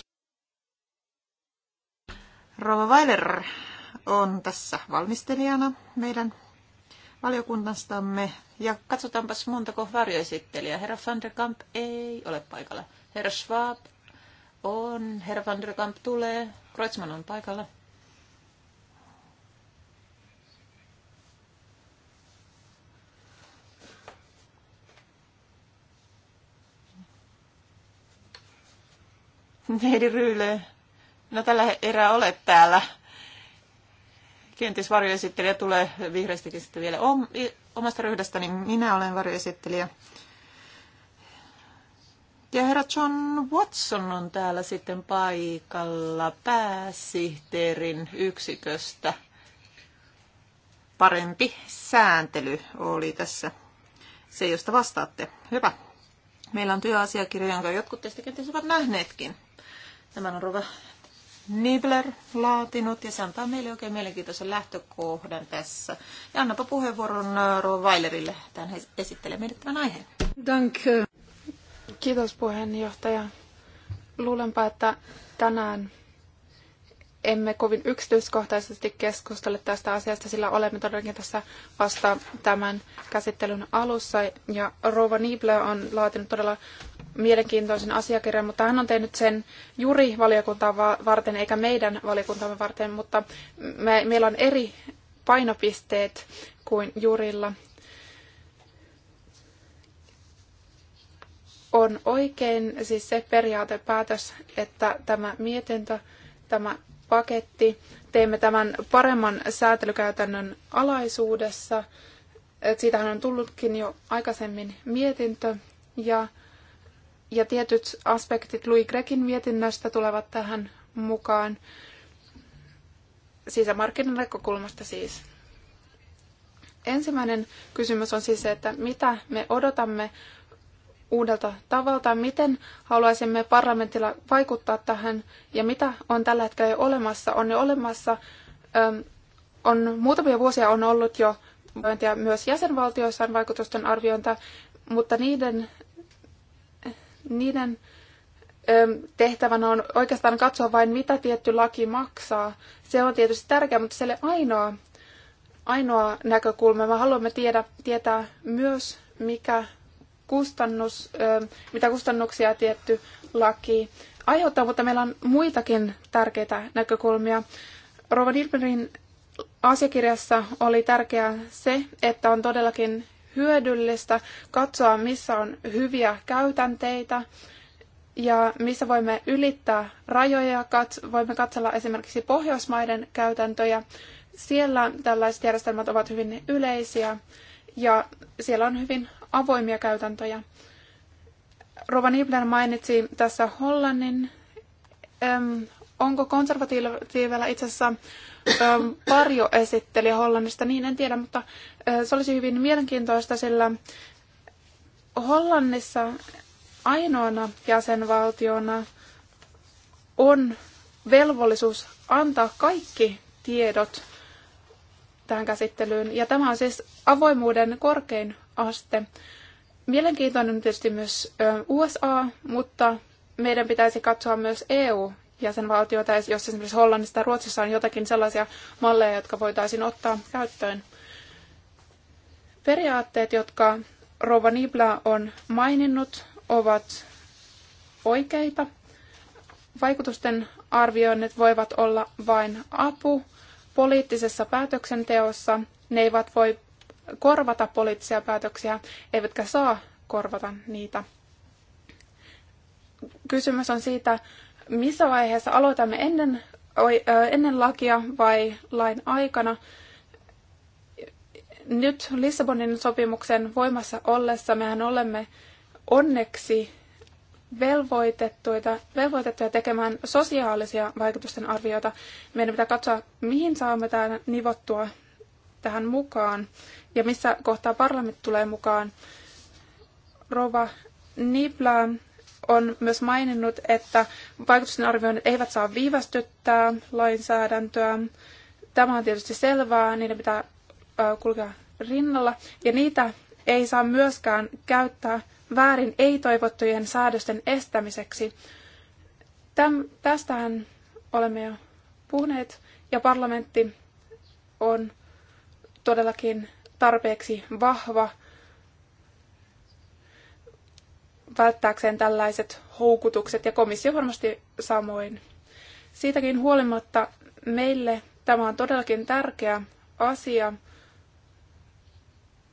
Rova Weiler on tässä valmistelijana meidän valiokunnastamme. Ja katsotaanpas montako varjoesittelijää. Herra van der Kamp ei ole paikalla. Herra Schwab on, herra van der Kamp tulee, Kreutzmann on paikalla. Neidi Ryyle, no tällä erää olet täällä. Kenties varjoesittelijä tulee vihreästikin sitten vielä Om, omasta niin Minä olen varjoesittelijä. Ja herra John Watson on täällä sitten paikalla pääsihteerin yksiköstä. Parempi sääntely oli tässä se, josta vastaatte. Hyvä. Meillä on työasiakirja, jonka jotkut teistä kenties ovat nähneetkin. Tämän on Rova Nibler laatinut ja se antaa meille oikein mielenkiintoisen lähtökohdan tässä. Ja annapa puheenvuoron äh, Rova Weilerille. Hän esittelee meille tämän aiheen. Dank. Kiitos puheenjohtaja. Luulenpa, että tänään emme kovin yksityiskohtaisesti keskustele tästä asiasta, sillä olemme todellakin tässä vasta tämän käsittelyn alussa. Ja Rova Nible on laatinut todella mielenkiintoisen asiakirjan, mutta hän on tehnyt sen juuri valiokuntaa varten eikä meidän valiokuntamme varten, mutta me, meillä on eri painopisteet kuin jurilla. On oikein siis se periaatepäätös, että tämä mietintö, tämä paketti. Teimme tämän paremman säätelykäytännön alaisuudessa. Siitähän on tullutkin jo aikaisemmin mietintö ja, ja tietyt aspektit Louis Grekin mietinnöstä tulevat tähän mukaan sisämarkkinan siis. Ensimmäinen kysymys on siis se, että mitä me odotamme uudelta tavalta, miten haluaisimme parlamentilla vaikuttaa tähän ja mitä on tällä hetkellä jo olemassa. On jo olemassa, ähm, on muutamia vuosia on ollut jo myös jäsenvaltioissa on vaikutusten arviointia, mutta niiden, niiden ähm, tehtävänä on oikeastaan katsoa vain, mitä tietty laki maksaa. Se on tietysti tärkeää, mutta se ei ole ainoa, ainoa näkökulma. Me haluamme tiedä, tietää myös, mikä kustannus, mitä kustannuksia tietty laki aiheuttaa, mutta meillä on muitakin tärkeitä näkökulmia. Rova Dilberin asiakirjassa oli tärkeää se, että on todellakin hyödyllistä katsoa, missä on hyviä käytänteitä ja missä voimme ylittää rajoja. voimme katsella esimerkiksi Pohjoismaiden käytäntöjä. Siellä tällaiset järjestelmät ovat hyvin yleisiä ja siellä on hyvin avoimia käytäntöjä. Rova Nibler mainitsi tässä Hollannin. Öm, onko konservatiivilla itse asiassa öm, esitteli Hollannista? Niin en tiedä, mutta ö, se olisi hyvin mielenkiintoista, sillä Hollannissa ainoana jäsenvaltiona on velvollisuus antaa kaikki tiedot tähän käsittelyyn. Ja tämä on siis avoimuuden korkein aste. Mielenkiintoinen on tietysti myös USA, mutta meidän pitäisi katsoa myös EU jäsenvaltioita, jos esimerkiksi Hollannissa tai Ruotsissa on jotakin sellaisia malleja, jotka voitaisiin ottaa käyttöön. Periaatteet, jotka Rova Nibla on maininnut, ovat oikeita. Vaikutusten arvioinnit voivat olla vain apu poliittisessa päätöksenteossa. Ne eivät voi korvata poliittisia päätöksiä, eivätkä saa korvata niitä. Kysymys on siitä, missä vaiheessa aloitamme ennen, ennen lakia vai lain aikana. Nyt Lissabonin sopimuksen voimassa ollessa mehän olemme onneksi velvoitettuja, velvoitettuja tekemään sosiaalisia vaikutusten arvioita. Meidän pitää katsoa, mihin saamme tämän nivottua tähän mukaan ja missä kohtaa parlamentti tulee mukaan. Rova Nibla on myös maininnut, että vaikutusten arvioinnit eivät saa viivästyttää lainsäädäntöä. Tämä on tietysti selvää, niiden pitää kulkea rinnalla. Ja niitä ei saa myöskään käyttää väärin ei-toivottujen säädösten estämiseksi. Täm, tästähän olemme jo puhuneet ja parlamentti on todellakin tarpeeksi vahva välttääkseen tällaiset houkutukset ja komissio varmasti samoin. Siitäkin huolimatta meille tämä on todellakin tärkeä asia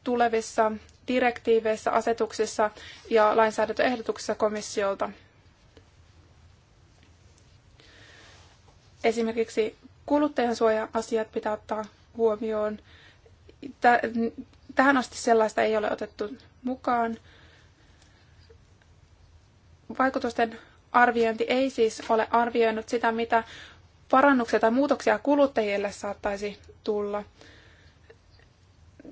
tulevissa direktiiveissä, asetuksissa ja lainsäädäntöehdotuksissa komissiolta. Esimerkiksi kuluttajansuoja-asiat pitää ottaa huomioon tähän asti sellaista ei ole otettu mukaan. Vaikutusten arviointi ei siis ole arvioinut sitä, mitä parannuksia tai muutoksia kuluttajille saattaisi tulla.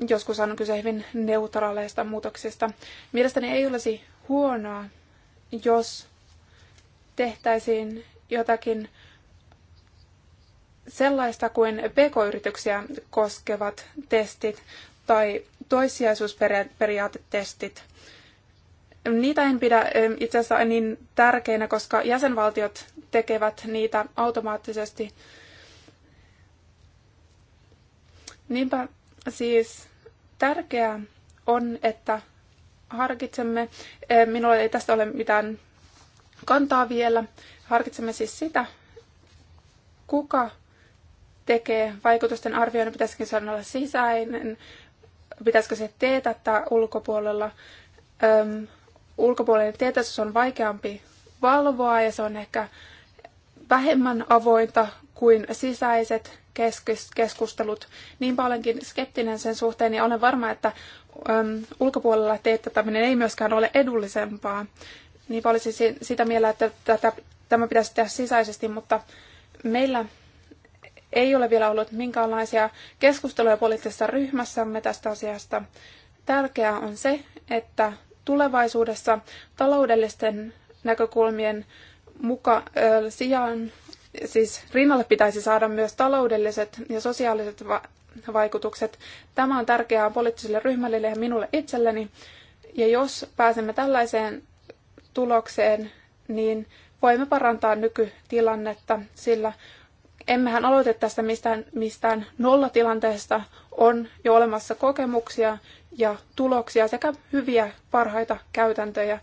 Joskus on kyse hyvin neutraaleista muutoksista. Mielestäni ei olisi huonoa, jos tehtäisiin jotakin sellaista kuin pk-yrityksiä koskevat testit tai toissijaisuusperiaatetestit. Niitä en pidä itse asiassa niin tärkeinä, koska jäsenvaltiot tekevät niitä automaattisesti. Niinpä siis tärkeää on, että harkitsemme, minulla ei tästä ole mitään kantaa vielä, harkitsemme siis sitä, kuka tekee vaikutusten arvioinnin, pitäisikin se olla sisäinen, pitäisikö se teetättää ulkopuolella. Öm, ulkopuolinen teetätys on vaikeampi valvoa ja se on ehkä vähemmän avointa kuin sisäiset keskustelut. niin paljonkin skeptinen sen suhteen ja olen varma, että öm, ulkopuolella teettäminen ei myöskään ole edullisempaa. niin olisi sitä mieltä, että tätä, tämä pitäisi tehdä sisäisesti, mutta meillä ei ole vielä ollut minkäänlaisia keskusteluja poliittisessa ryhmässämme tästä asiasta. Tärkeää on se, että tulevaisuudessa taloudellisten näkökulmien muka, ö, sijaan, siis rinnalle pitäisi saada myös taloudelliset ja sosiaaliset va- vaikutukset. Tämä on tärkeää poliittiselle ryhmälle ja minulle itselleni. Ja jos pääsemme tällaiseen tulokseen, niin voimme parantaa nykytilannetta, sillä Emmehän aloita tästä mistään, mistään nollatilanteesta. On jo olemassa kokemuksia ja tuloksia sekä hyviä parhaita käytäntöjä.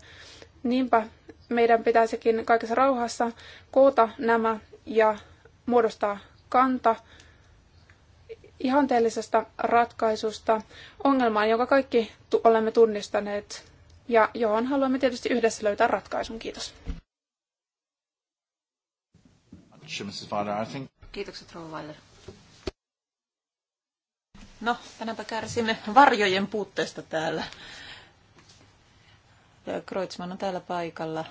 Niinpä meidän pitäisikin kaikessa rauhassa koota nämä ja muodostaa kanta ihanteellisesta ratkaisusta ongelmaan, jonka kaikki olemme tunnistaneet ja johon haluamme tietysti yhdessä löytää ratkaisun. Kiitos much, Mrs. Weiler. I think... Kiitokset, Rouva Weiler. No, tänäpä kärsimme varjojen puutteesta täällä. Kreutzmann on täällä paikalla.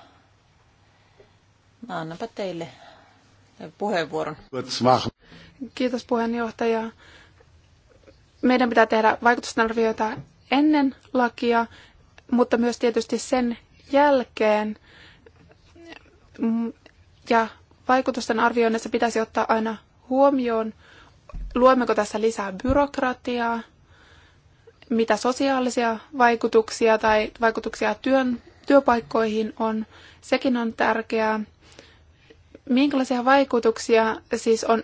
Mä annanpa teille puheenvuoron. Kiitos puheenjohtaja. Meidän pitää tehdä vaikutusarvioita ennen lakia, mutta myös tietysti sen jälkeen. Ja vaikutusten arvioinnissa pitäisi ottaa aina huomioon, luommeko tässä lisää byrokratiaa, mitä sosiaalisia vaikutuksia tai vaikutuksia työn, työpaikkoihin on, sekin on tärkeää. Minkälaisia vaikutuksia siis on,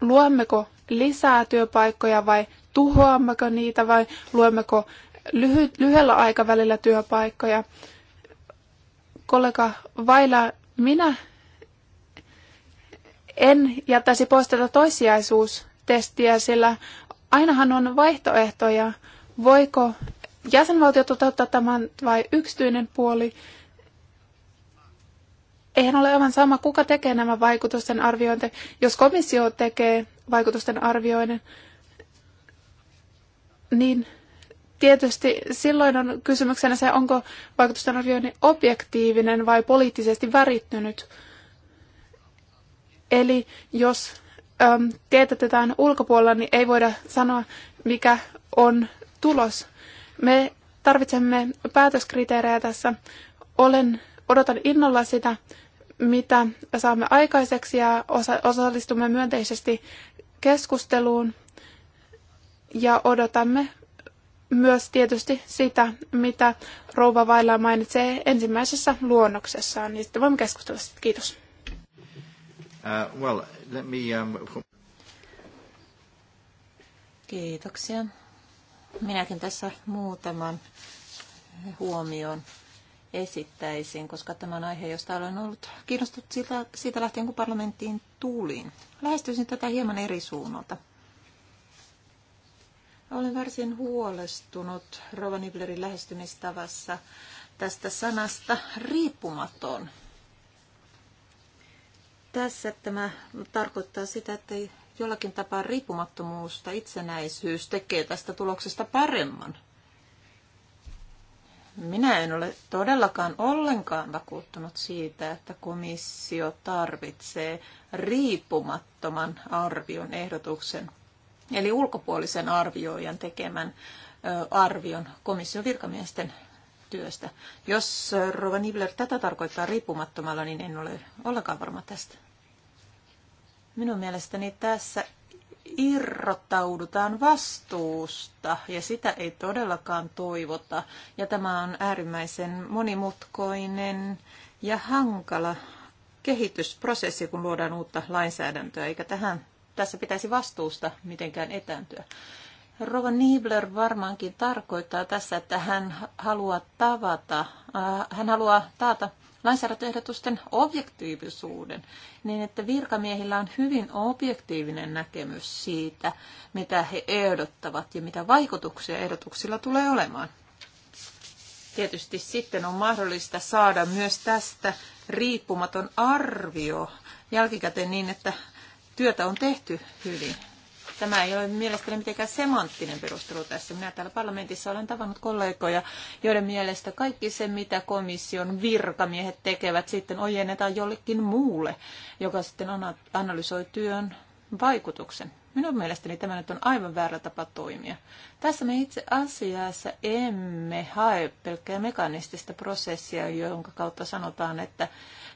luommeko lisää työpaikkoja vai tuhoammeko niitä vai luommeko lyhy- lyhyellä aikavälillä työpaikkoja. Kollega Vaila, minä en jättäisi pois tätä toissijaisuustestiä, sillä ainahan on vaihtoehtoja, voiko jäsenvaltio toteuttaa tämän vai yksityinen puoli. Eihän ole aivan sama, kuka tekee nämä vaikutusten arviointi. Jos komissio tekee vaikutusten arvioinnin, niin tietysti silloin on kysymyksenä se, onko vaikutusten arvioinnin objektiivinen vai poliittisesti värittynyt. Eli jos äm, teetätetään ulkopuolella, niin ei voida sanoa, mikä on tulos. Me tarvitsemme päätöskriteerejä tässä. Olen, odotan innolla sitä, mitä saamme aikaiseksi ja osa- osallistumme myönteisesti keskusteluun ja odotamme myös tietysti sitä, mitä Rouva Vailla mainitsee ensimmäisessä luonnoksessaan, niin sitten voimme keskustella sitten. Kiitos. Uh, well, let me, um... Kiitoksia. Minäkin tässä muutaman huomion esittäisin, koska tämä on aihe, josta olen ollut kiinnostunut siitä, siitä lähtien, kun parlamenttiin tulin. Lähestyisin tätä hieman eri suunnalta. Olen varsin huolestunut Rovaniblerin lähestymistavassa tästä sanasta riippumaton – tässä tämä tarkoittaa sitä, että jollakin tapaa riippumattomuus tai itsenäisyys tekee tästä tuloksesta paremman. Minä en ole todellakaan ollenkaan vakuuttunut siitä, että komissio tarvitsee riippumattoman arvion ehdotuksen, eli ulkopuolisen arvioijan tekemän arvion komission virkamiesten työstä. Jos äh, Rova Nibler tätä tarkoittaa riippumattomalla, niin en ole ollenkaan varma tästä. Minun mielestäni tässä irrottaudutaan vastuusta ja sitä ei todellakaan toivota. Ja tämä on äärimmäisen monimutkoinen ja hankala kehitysprosessi, kun luodaan uutta lainsäädäntöä, eikä tähän, tässä pitäisi vastuusta mitenkään etääntyä. Rova Niebler varmaankin tarkoittaa tässä, että hän haluaa tavata, äh, hän haluaa taata lainsäädäntöehdotusten objektiivisuuden, niin että virkamiehillä on hyvin objektiivinen näkemys siitä, mitä he ehdottavat ja mitä vaikutuksia ehdotuksilla tulee olemaan. Tietysti sitten on mahdollista saada myös tästä riippumaton arvio jälkikäteen niin, että työtä on tehty hyvin Tämä ei ole mielestäni mitenkään semanttinen perustelu tässä. Minä täällä parlamentissa olen tavannut kollegoja, joiden mielestä kaikki se, mitä komission virkamiehet tekevät, sitten ojennetaan jollekin muulle, joka sitten analysoi työn vaikutuksen. Minun mielestäni tämä nyt on aivan väärä tapa toimia. Tässä me itse asiassa emme hae pelkkää mekanistista prosessia, jonka kautta sanotaan, että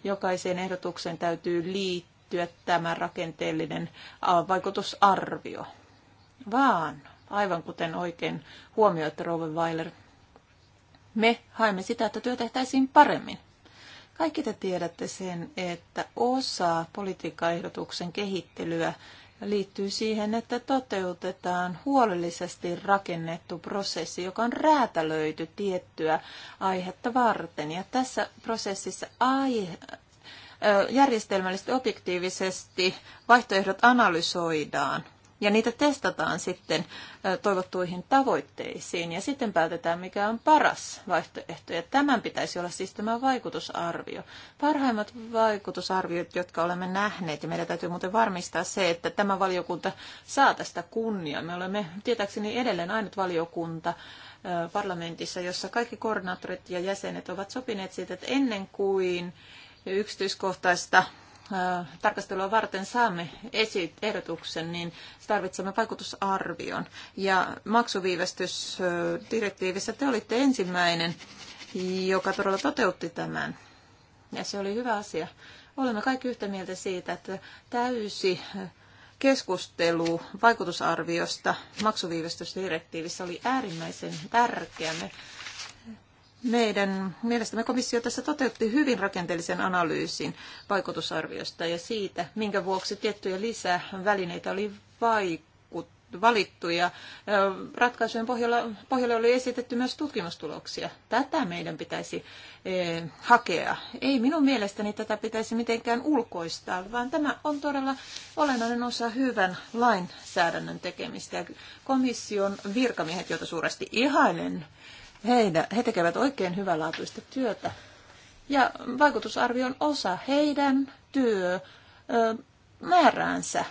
jokaiseen ehdotukseen täytyy liittyä liittyä tämä rakenteellinen vaikutusarvio, vaan aivan kuten oikein huomioitte Rovenweiler, me haemme sitä, että työ tehtäisiin paremmin. Kaikki te tiedätte sen, että osa politiikkaehdotuksen kehittelyä liittyy siihen, että toteutetaan huolellisesti rakennettu prosessi, joka on räätälöity tiettyä aihetta varten. Ja tässä prosessissa aihe, järjestelmällisesti objektiivisesti vaihtoehdot analysoidaan ja niitä testataan sitten toivottuihin tavoitteisiin ja sitten päätetään, mikä on paras vaihtoehto. Ja tämän pitäisi olla siis tämä vaikutusarvio. Parhaimmat vaikutusarviot, jotka olemme nähneet, ja meidän täytyy muuten varmistaa se, että tämä valiokunta saa tästä kunnia. Me olemme tietääkseni edelleen ainut valiokunta parlamentissa, jossa kaikki koordinaattorit ja jäsenet ovat sopineet siitä, että ennen kuin yksityiskohtaista tarkastelua varten saamme esit- ehdotuksen, niin tarvitsemme vaikutusarvion. Ja maksuviivästysdirektiivissä te olitte ensimmäinen, joka todella toteutti tämän. Ja se oli hyvä asia. Olemme kaikki yhtä mieltä siitä, että täysi keskustelu vaikutusarviosta maksuviivästysdirektiivissä oli äärimmäisen tärkeä. Me meidän mielestämme komissio tässä toteutti hyvin rakenteellisen analyysin vaikutusarviosta ja siitä, minkä vuoksi tiettyjä lisävälineitä oli vaikut, valittu. Ja ratkaisujen pohjalla, pohjalla oli esitetty myös tutkimustuloksia. Tätä meidän pitäisi e, hakea. Ei minun mielestäni tätä pitäisi mitenkään ulkoistaa, vaan tämä on todella olennainen osa hyvän lainsäädännön tekemistä. Ja komission virkamiehet, joita suuresti ihailen, heidän he tekevät oikein hyvänlaatuista työtä. Ja vaikutusarvio on osa heidän työ ö, määräänsä.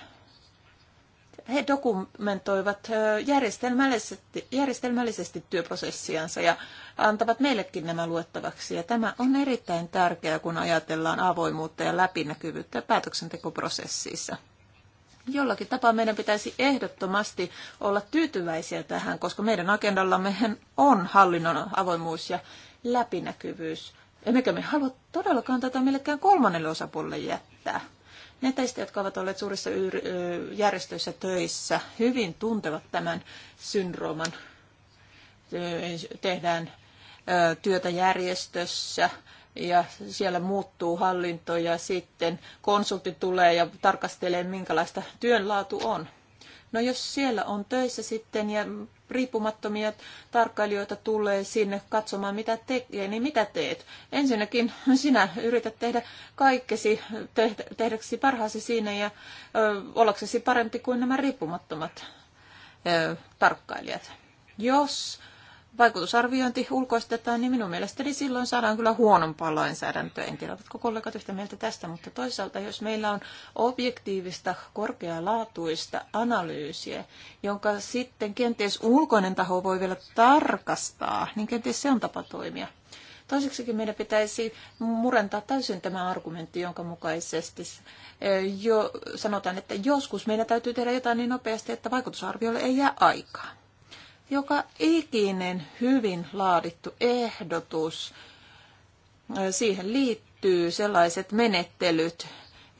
He dokumentoivat järjestelmällisesti, järjestelmällisesti työprosessiansa ja antavat meillekin nämä luettavaksi. Ja tämä on erittäin tärkeää, kun ajatellaan avoimuutta ja läpinäkyvyyttä päätöksentekoprosessissa jollakin tapaa meidän pitäisi ehdottomasti olla tyytyväisiä tähän, koska meidän agendallamme on hallinnon avoimuus ja läpinäkyvyys. Emmekä me halua todellakaan tätä millekään kolmannelle osapuolelle jättää. Ne teistä, jotka ovat olleet suurissa järjestöissä töissä, hyvin tuntevat tämän syndrooman. Tehdään työtä järjestössä, ja siellä muuttuu hallinto ja sitten konsultti tulee ja tarkastelee, minkälaista työnlaatu on. No jos siellä on töissä sitten ja riippumattomia tarkkailijoita tulee sinne katsomaan, mitä tekee, niin mitä teet? Ensinnäkin sinä yrität tehdä kaikkesi, te, tehdäksesi parhaasi siinä ja ollaksesi parempi kuin nämä riippumattomat ö, tarkkailijat. Jos vaikutusarviointi ulkoistetaan, niin minun mielestäni silloin saadaan kyllä huonompaa lainsäädäntöä. En tiedä, ovatko kollegat yhtä mieltä tästä, mutta toisaalta jos meillä on objektiivista, korkealaatuista analyysiä, jonka sitten kenties ulkoinen taho voi vielä tarkastaa, niin kenties se on tapa toimia. Toiseksikin meidän pitäisi murentaa täysin tämä argumentti, jonka mukaisesti jo sanotaan, että joskus meidän täytyy tehdä jotain niin nopeasti, että vaikutusarviolle ei jää aikaa joka ikinen hyvin laadittu ehdotus, siihen liittyy sellaiset menettelyt,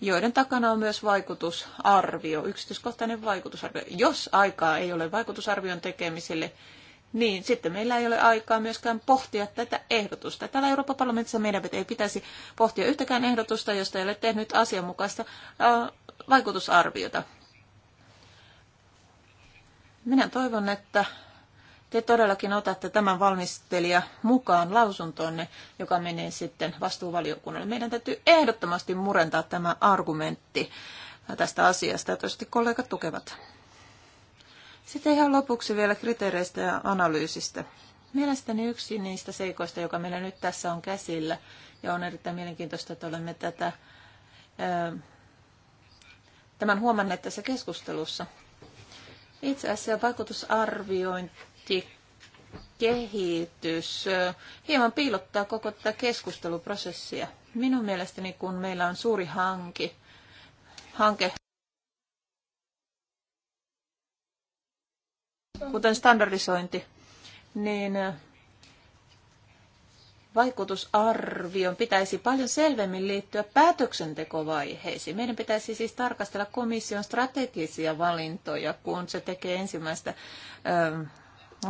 joiden takana on myös vaikutusarvio, yksityiskohtainen vaikutusarvio. Jos aikaa ei ole vaikutusarvion tekemiselle, niin sitten meillä ei ole aikaa myöskään pohtia tätä ehdotusta. Täällä Euroopan parlamentissa meidän ei pitäisi pohtia yhtäkään ehdotusta, josta ei ole tehnyt asianmukaista vaikutusarviota. Minä toivon, että te todellakin otatte tämän valmistelija mukaan lausuntoonne, joka menee sitten vastuuvaliokunnalle. Meidän täytyy ehdottomasti murentaa tämä argumentti tästä asiasta, ja toivottavasti kollegat tukevat. Sitten ihan lopuksi vielä kriteereistä ja analyysistä. Mielestäni yksi niistä seikoista, joka meillä nyt tässä on käsillä, ja on erittäin mielenkiintoista, että olemme tätä, tämän huomanneet tässä keskustelussa, itse asiassa vaikutusarviointi kehitys hieman piilottaa koko tätä keskusteluprosessia. Minun mielestäni, kun meillä on suuri hanki, hanke, kuten standardisointi, niin äh, vaikutusarvion pitäisi paljon selvemmin liittyä päätöksentekovaiheisiin. Meidän pitäisi siis tarkastella komission strategisia valintoja, kun se tekee ensimmäistä ähm,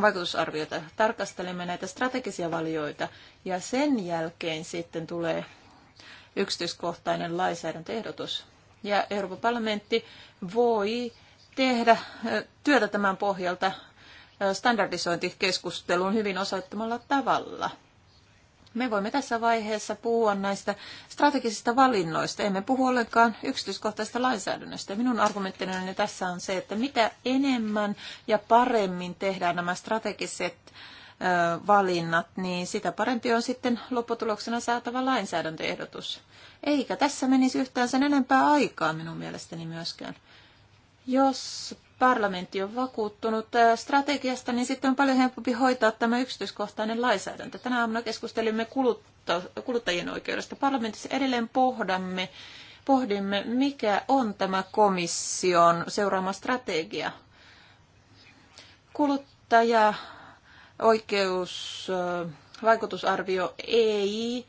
vaikutusarvioita, tarkastelemme näitä strategisia valioita ja sen jälkeen sitten tulee yksityiskohtainen lainsäädäntöehdotus. Ja Euroopan parlamentti voi tehdä työtä tämän pohjalta standardisointikeskusteluun hyvin osoittamalla tavalla – me voimme tässä vaiheessa puhua näistä strategisista valinnoista. Emme puhu ollenkaan yksityiskohtaisesta lainsäädännöstä. Minun argumenttinani tässä on se, että mitä enemmän ja paremmin tehdään nämä strategiset valinnat, niin sitä parempi on sitten lopputuloksena saatava lainsäädäntöehdotus. Eikä tässä menisi yhtään sen enempää aikaa minun mielestäni myöskään. Jos parlamentti on vakuuttunut äh, strategiasta, niin sitten on paljon helpompi hoitaa tämä yksityiskohtainen lainsäädäntö. Tänä aamuna keskustelimme kuluttajien oikeudesta. Parlamentissa edelleen pohdamme, pohdimme, mikä on tämä komission seuraama strategia. Kuluttaja oikeus äh, vaikutusarvio ei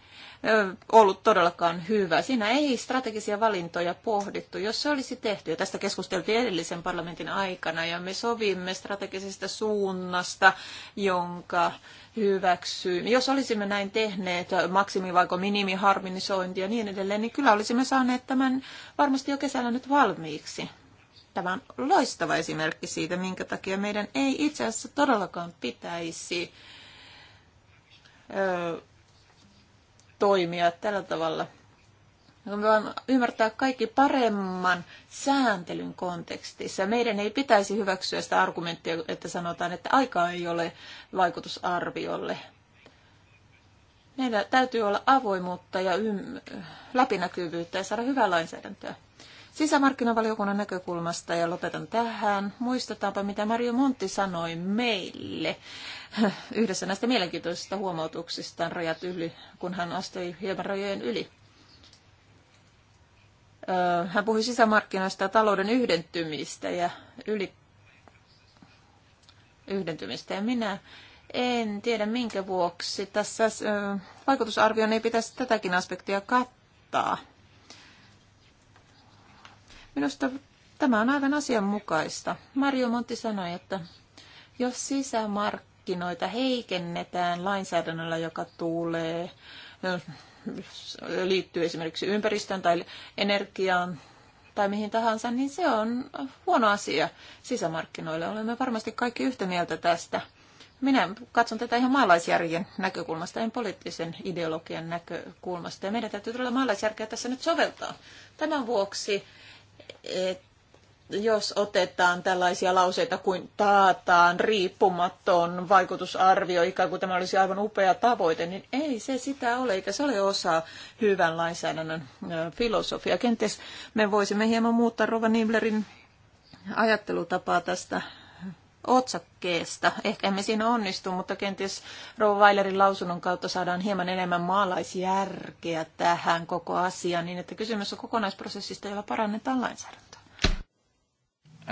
ollut todellakaan hyvä. Siinä ei strategisia valintoja pohdittu, jos se olisi tehty. Ja tästä keskusteltiin edellisen parlamentin aikana ja me sovimme strategisesta suunnasta, jonka hyväksyy. Jos olisimme näin tehneet, maksimi vaiko minimi, ja niin edelleen, niin kyllä olisimme saaneet tämän varmasti jo kesällä nyt valmiiksi. Tämä on loistava esimerkki siitä, minkä takia meidän ei itse asiassa todellakaan pitäisi toimia tällä tavalla. Me voidaan ymmärtää kaikki paremman sääntelyn kontekstissa. Meidän ei pitäisi hyväksyä sitä argumenttia, että sanotaan, että aikaa ei ole vaikutusarviolle. Meillä täytyy olla avoimuutta ja läpinäkyvyyttä ja saada hyvää lainsäädäntöä sisämarkkinavaliokunnan näkökulmasta ja lopetan tähän. Muistetaanpa, mitä Mario Montti sanoi meille *laughs* yhdessä näistä mielenkiintoisista huomautuksistaan rajat yli, kun hän astui hieman rajojen yli. Hän puhui sisämarkkinoista ja talouden yhdentymistä ja yli yhdentymistä. Ja minä en tiedä minkä vuoksi tässä vaikutusarvioon ei pitäisi tätäkin aspektia kattaa. Minusta tämä on aivan asianmukaista. Mario Monti sanoi, että jos sisämarkkinoita heikennetään lainsäädännöllä, joka tulee, liittyy esimerkiksi ympäristöön tai energiaan tai mihin tahansa, niin se on huono asia sisämarkkinoille. Olemme varmasti kaikki yhtä mieltä tästä. Minä katson tätä ihan maalaisjärjen näkökulmasta, en poliittisen ideologian näkökulmasta. Ja meidän täytyy todella maalaisjärkeä tässä nyt soveltaa. Tämän vuoksi että jos otetaan tällaisia lauseita kuin taataan riippumaton vaikutusarvio, ikään kuin tämä olisi aivan upea tavoite, niin ei se sitä ole, eikä se ole osa hyvän lainsäädännön filosofiaa. Kenties me voisimme hieman muuttaa Rova Niblerin ajattelutapaa tästä otsakkeesta. Ehkä emme siinä onnistu, mutta kenties Rouva Weilerin lausunnon kautta saadaan hieman enemmän maalaisjärkeä tähän koko asiaan, niin että kysymys on kokonaisprosessista, jolla parannetaan lainsäädäntöä.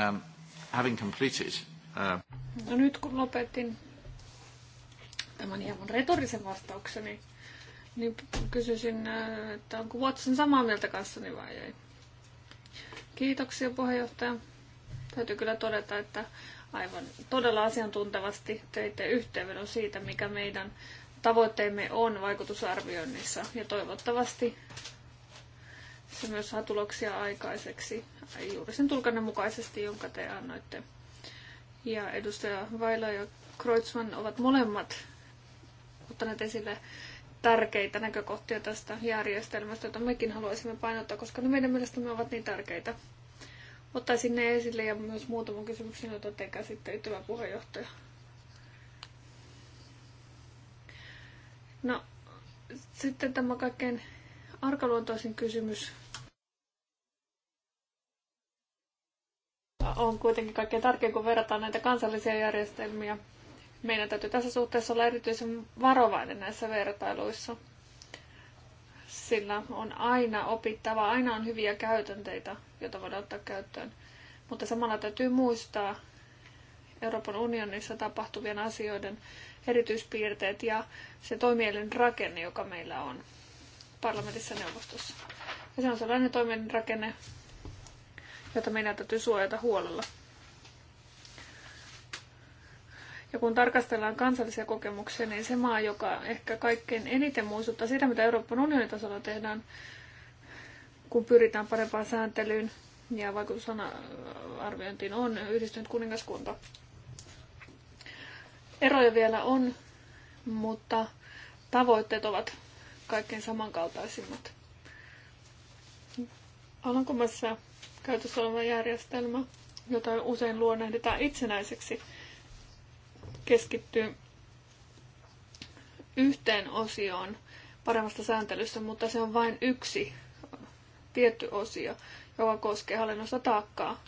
Um, having completed, uh... no nyt kun lopetin tämän hieman retorisen vastaukseni, niin kysyisin, uh, että onko Watson samaa mieltä kanssani vai ei. Kiitoksia puheenjohtaja. Täytyy kyllä todeta, että aivan todella asiantuntevasti teitte yhteenvedon siitä, mikä meidän tavoitteemme on vaikutusarvioinnissa ja toivottavasti se myös saa tuloksia aikaiseksi juuri sen tulkanne mukaisesti, jonka te annoitte. Ja edustaja Vaila ja Kreutzmann ovat molemmat ottaneet esille tärkeitä näkökohtia tästä järjestelmästä, joita mekin haluaisimme painottaa, koska ne meidän mielestämme ovat niin tärkeitä. Ottaisin ne esille ja myös muutaman kysymyksen, jota te käsittelyttävä puheenjohtaja. No, sitten tämä kaikkein arkaluontoisin kysymys on kuitenkin kaikkein tärkein, kun verrataan näitä kansallisia järjestelmiä. Meidän täytyy tässä suhteessa olla erityisen varovainen näissä vertailuissa sillä on aina opittava, aina on hyviä käytänteitä, joita voidaan ottaa käyttöön. Mutta samalla täytyy muistaa Euroopan unionissa tapahtuvien asioiden erityispiirteet ja se toimielin rakenne, joka meillä on parlamentissa ja neuvostossa. Ja se on sellainen toimielin rakenne, jota meidän täytyy suojata huolella. Ja kun tarkastellaan kansallisia kokemuksia, niin se maa, joka ehkä kaikkein eniten muistuttaa sitä, mitä Euroopan unionin tasolla tehdään, kun pyritään parempaan sääntelyyn ja vaikutusarviointiin, äh, on yhdistynyt kuningaskunta. Eroja vielä on, mutta tavoitteet ovat kaikkein samankaltaisimmat. Alankomassa käytössä oleva järjestelmä, jota usein luonnehditaan itsenäiseksi keskittyy yhteen osioon paremmasta sääntelystä, mutta se on vain yksi tietty osio, joka koskee hallinnosta taakkaa.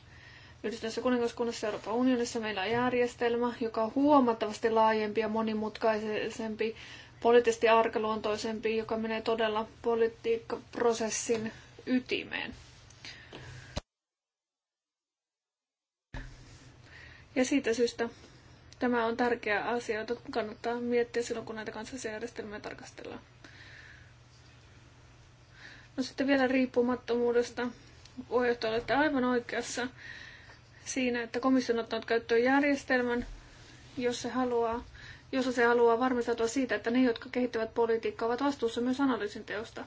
Yhdistyneessä kuningaskunnassa Euroopan unionissa meillä on järjestelmä, joka on huomattavasti laajempi ja monimutkaisempi, poliittisesti arkaluontoisempi, joka menee todella politiikkaprosessin ytimeen. Ja siitä syystä Tämä on tärkeä asia, jota kannattaa miettiä silloin, kun näitä kansallisia järjestelmiä tarkastellaan. No sitten vielä riippumattomuudesta. Puheenjohtaja, olette aivan oikeassa siinä, että komissio on ottanut käyttöön järjestelmän, jos se haluaa, jossa se haluaa varmistautua siitä, että ne, jotka kehittävät politiikkaa, ovat vastuussa myös analyysin teosta.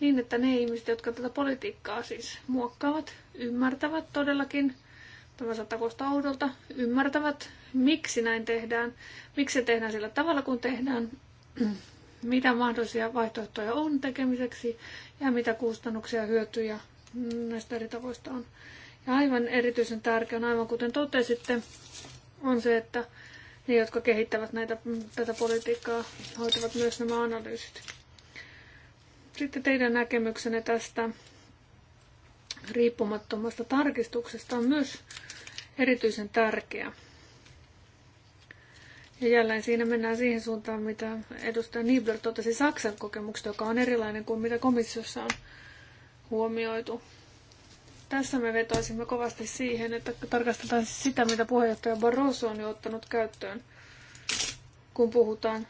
Niin, että ne ihmiset, jotka tätä politiikkaa siis muokkaavat, ymmärtävät todellakin, tämä saattaa kuulostaa oudolta, ymmärtävät miksi näin tehdään, miksi se tehdään sillä tavalla kun tehdään, *clears throat* mitä mahdollisia vaihtoehtoja on tekemiseksi ja mitä kustannuksia ja hyötyjä näistä eri tavoista on. Ja aivan erityisen tärkeä on, aivan kuten totesitte, on se, että ne, jotka kehittävät näitä, mm, tätä politiikkaa, hoitavat myös nämä analyysit. Sitten teidän näkemyksenne tästä riippumattomasta tarkistuksesta on myös erityisen tärkeä. Ja jälleen siinä mennään siihen suuntaan, mitä edustaja Niebler totesi Saksan kokemuksesta, joka on erilainen kuin mitä komissiossa on huomioitu. Tässä me vetoisimme kovasti siihen, että tarkastetaan sitä, mitä puheenjohtaja Barroso on jo ottanut käyttöön, kun puhutaan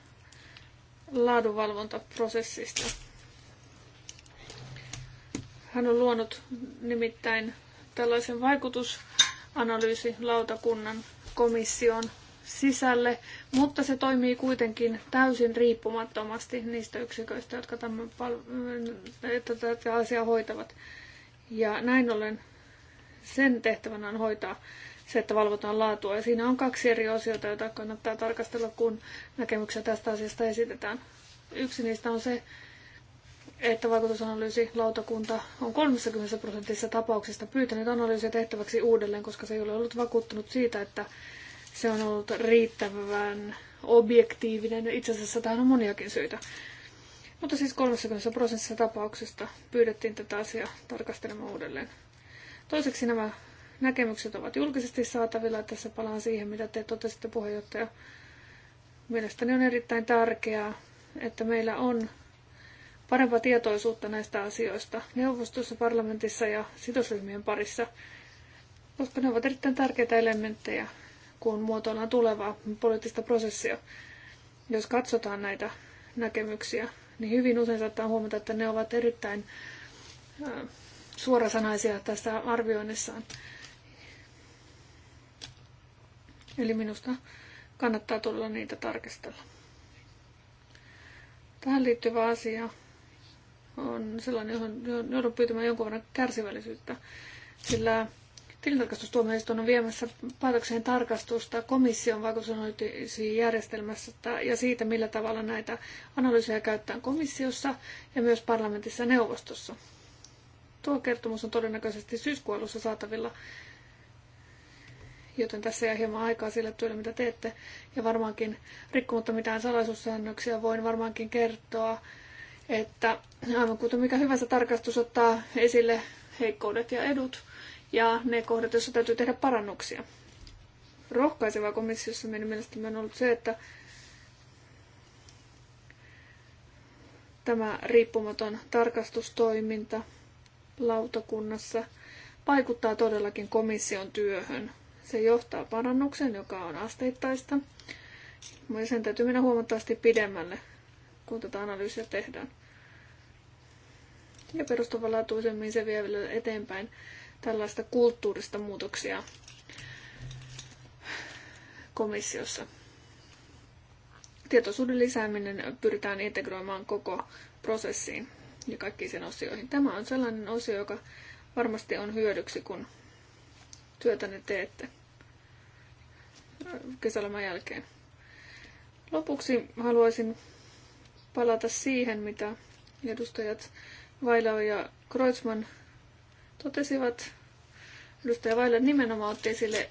laadunvalvontaprosessista. Hän on luonut nimittäin tällaisen vaikutusanalyysilautakunnan komission sisälle, mutta se toimii kuitenkin täysin riippumattomasti niistä yksiköistä, jotka tämän tätä asiaa hoitavat. Ja näin ollen sen tehtävänä on hoitaa se, että valvotaan laatua. Ja siinä on kaksi eri osiota, joita kannattaa tarkastella, kun näkemyksiä tästä asiasta esitetään. Yksi niistä on se, että vaikutusanalyysi lautakunta on 30 prosentissa tapauksista pyytänyt analyysiä tehtäväksi uudelleen, koska se ei ole ollut vakuuttunut siitä, että se on ollut riittävän objektiivinen. Itse asiassa tähän on moniakin syitä. Mutta siis 30 prosentissa tapauksista pyydettiin tätä asiaa tarkastelemaan uudelleen. Toiseksi nämä näkemykset ovat julkisesti saatavilla. Tässä palaan siihen, mitä te totesitte puheenjohtaja. Mielestäni on erittäin tärkeää, että meillä on parempaa tietoisuutta näistä asioista neuvostossa, parlamentissa ja sidosryhmien parissa, koska ne ovat erittäin tärkeitä elementtejä kun muotoillaan tulevaa poliittista prosessia. Jos katsotaan näitä näkemyksiä, niin hyvin usein saattaa huomata, että ne ovat erittäin suorasanaisia tässä arvioinnissaan. Eli minusta kannattaa tulla niitä tarkistella. Tähän liittyvä asia on sellainen, johon joudun pyytämään jonkun verran kärsivällisyyttä, sillä Tilintarkastustuomioistuin on viemässä päätökseen tarkastusta komission vaikutusanalyysijärjestelmästä ja siitä, millä tavalla näitä analyysejä käytetään komissiossa ja myös parlamentissa ja neuvostossa. Tuo kertomus on todennäköisesti syyskuun alussa saatavilla, joten tässä jää hieman aikaa sille työlle, mitä teette. Ja varmaankin, rikkomatta mitään salaisuussäännöksiä, voin varmaankin kertoa, että aivan kuten mikä hyvänsä tarkastus ottaa esille heikkoudet ja edut – ja ne kohdat, joissa täytyy tehdä parannuksia. Rohkaisevaa komissiossa meidän mielestämme on ollut se, että tämä riippumaton tarkastustoiminta lautakunnassa vaikuttaa todellakin komission työhön. Se johtaa parannuksen, joka on asteittaista. Ja sen täytyy mennä huomattavasti pidemmälle, kun tätä analyysiä tehdään. Ja perustavanlaatuisemmin se vie vielä eteenpäin tällaista kulttuurista muutoksia komissiossa. Tietoisuuden lisääminen pyritään integroimaan koko prosessiin ja kaikkiin sen osioihin. Tämä on sellainen osio, joka varmasti on hyödyksi, kun ne teette kesäloman jälkeen. Lopuksi haluaisin palata siihen, mitä edustajat Vailao ja Kreutzmann totesivat. Edustaja Vaille nimenomaan otti esille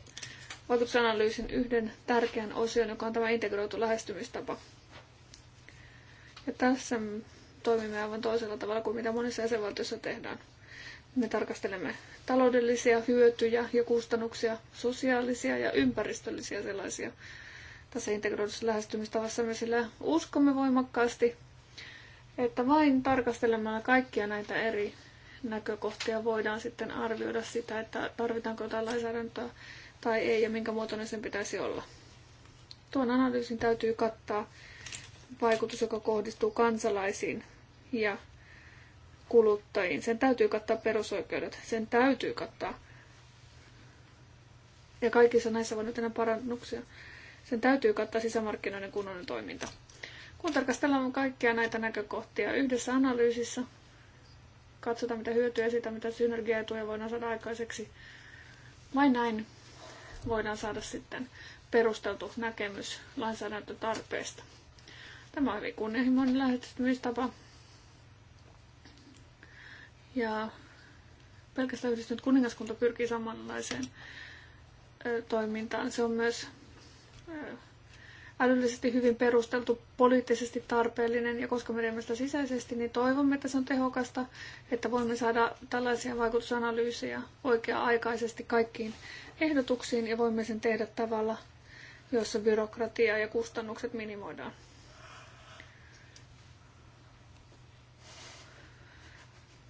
vaikutusanalyysin yhden tärkeän osion, joka on tämä integroitu lähestymistapa. Ja tässä toimimme aivan toisella tavalla kuin mitä monissa jäsenvaltioissa tehdään. Me tarkastelemme taloudellisia hyötyjä ja kustannuksia, sosiaalisia ja ympäristöllisiä sellaisia tässä integroidussa lähestymistavassa me sillä uskomme voimakkaasti, että vain tarkastelemalla kaikkia näitä eri näkökohtia voidaan sitten arvioida sitä, että tarvitaanko jotain lainsäädäntöä tai ei ja minkä muotoinen sen pitäisi olla. Tuon analyysin täytyy kattaa vaikutus, joka kohdistuu kansalaisiin ja kuluttajiin. Sen täytyy kattaa perusoikeudet. Sen täytyy kattaa. Ja kaikissa näissä voi nyt enää parannuksia. Sen täytyy kattaa sisämarkkinoiden kunnon toiminta. Kun tarkastellaan kaikkia näitä näkökohtia yhdessä analyysissä, Katsotaan, mitä hyötyä siitä, mitä synergiaetuja voidaan saada aikaiseksi. Vai näin voidaan saada sitten perusteltu näkemys lainsäädäntötarpeesta. Tämä on hyvin kunnianhimoinen lähestymistapa. Ja pelkästään yhdistynyt kuningaskunta pyrkii samanlaiseen toimintaan. Se on myös älyllisesti hyvin perusteltu, poliittisesti tarpeellinen ja koska me teemme sitä sisäisesti, niin toivomme, että se on tehokasta, että voimme saada tällaisia vaikutusanalyysejä oikea-aikaisesti kaikkiin ehdotuksiin ja voimme sen tehdä tavalla, jossa byrokratia ja kustannukset minimoidaan.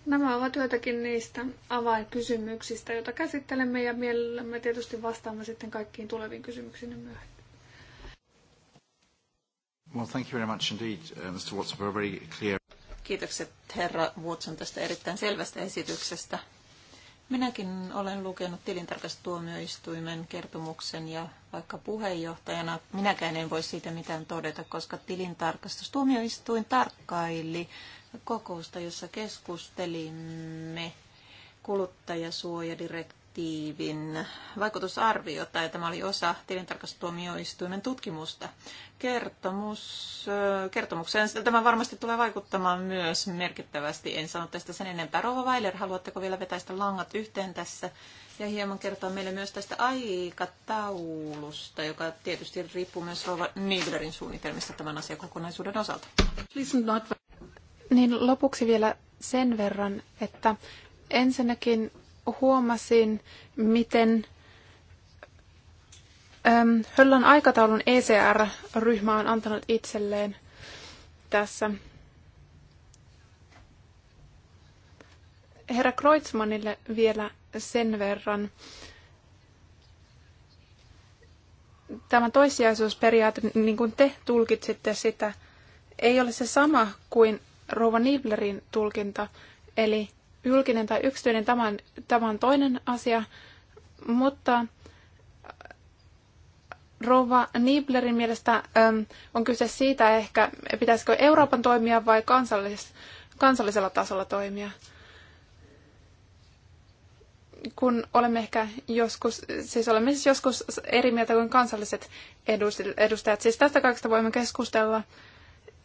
Nämä ovat joitakin niistä avainkysymyksistä, joita käsittelemme ja mielellämme tietysti vastaamme sitten kaikkiin tuleviin kysymyksiin myöhemmin. Well, thank you very much indeed, uh, Mr. Watson, for a very clear... Kiitokset herra Watson tästä erittäin selvästä esityksestä. Minäkin olen lukenut tilintarkastustuomioistuimen kertomuksen ja vaikka puheenjohtajana minäkään en voi siitä mitään todeta, koska tilintarkastustuomioistuin tarkkaili kokousta, jossa keskustelimme kuluttajasuojadirektiivistä direktiivin vaikutusarviota, tai tämä oli osa tilintarkastustuomioistuimen tutkimusta. Kertomus, kertomukseen tämä varmasti tulee vaikuttamaan myös merkittävästi. En sano tästä sen enempää. Rova Weiler, haluatteko vielä vetäistä langat yhteen tässä ja hieman kertoa meille myös tästä aikataulusta, joka tietysti riippuu myös Rova Nieblerin suunnitelmista tämän asiakokonaisuuden osalta. Niin lopuksi vielä sen verran, että ensinnäkin huomasin, miten äm, Höllän aikataulun ECR-ryhmä on antanut itselleen tässä. Herra Kreutzmannille vielä sen verran. Tämä toissijaisuusperiaate, niin kuin te tulkitsitte sitä, ei ole se sama kuin Rova Niblerin tulkinta. Eli julkinen tai yksityinen, tämä on, tämä on toinen asia, mutta äh, Rova Niblerin mielestä äm, on kyse siitä ehkä, pitäisikö Euroopan toimia vai kansallis, kansallisella tasolla toimia. Kun olemme ehkä joskus, siis olemme siis joskus eri mieltä kuin kansalliset edustajat. Siis tästä kaikesta voimme keskustella.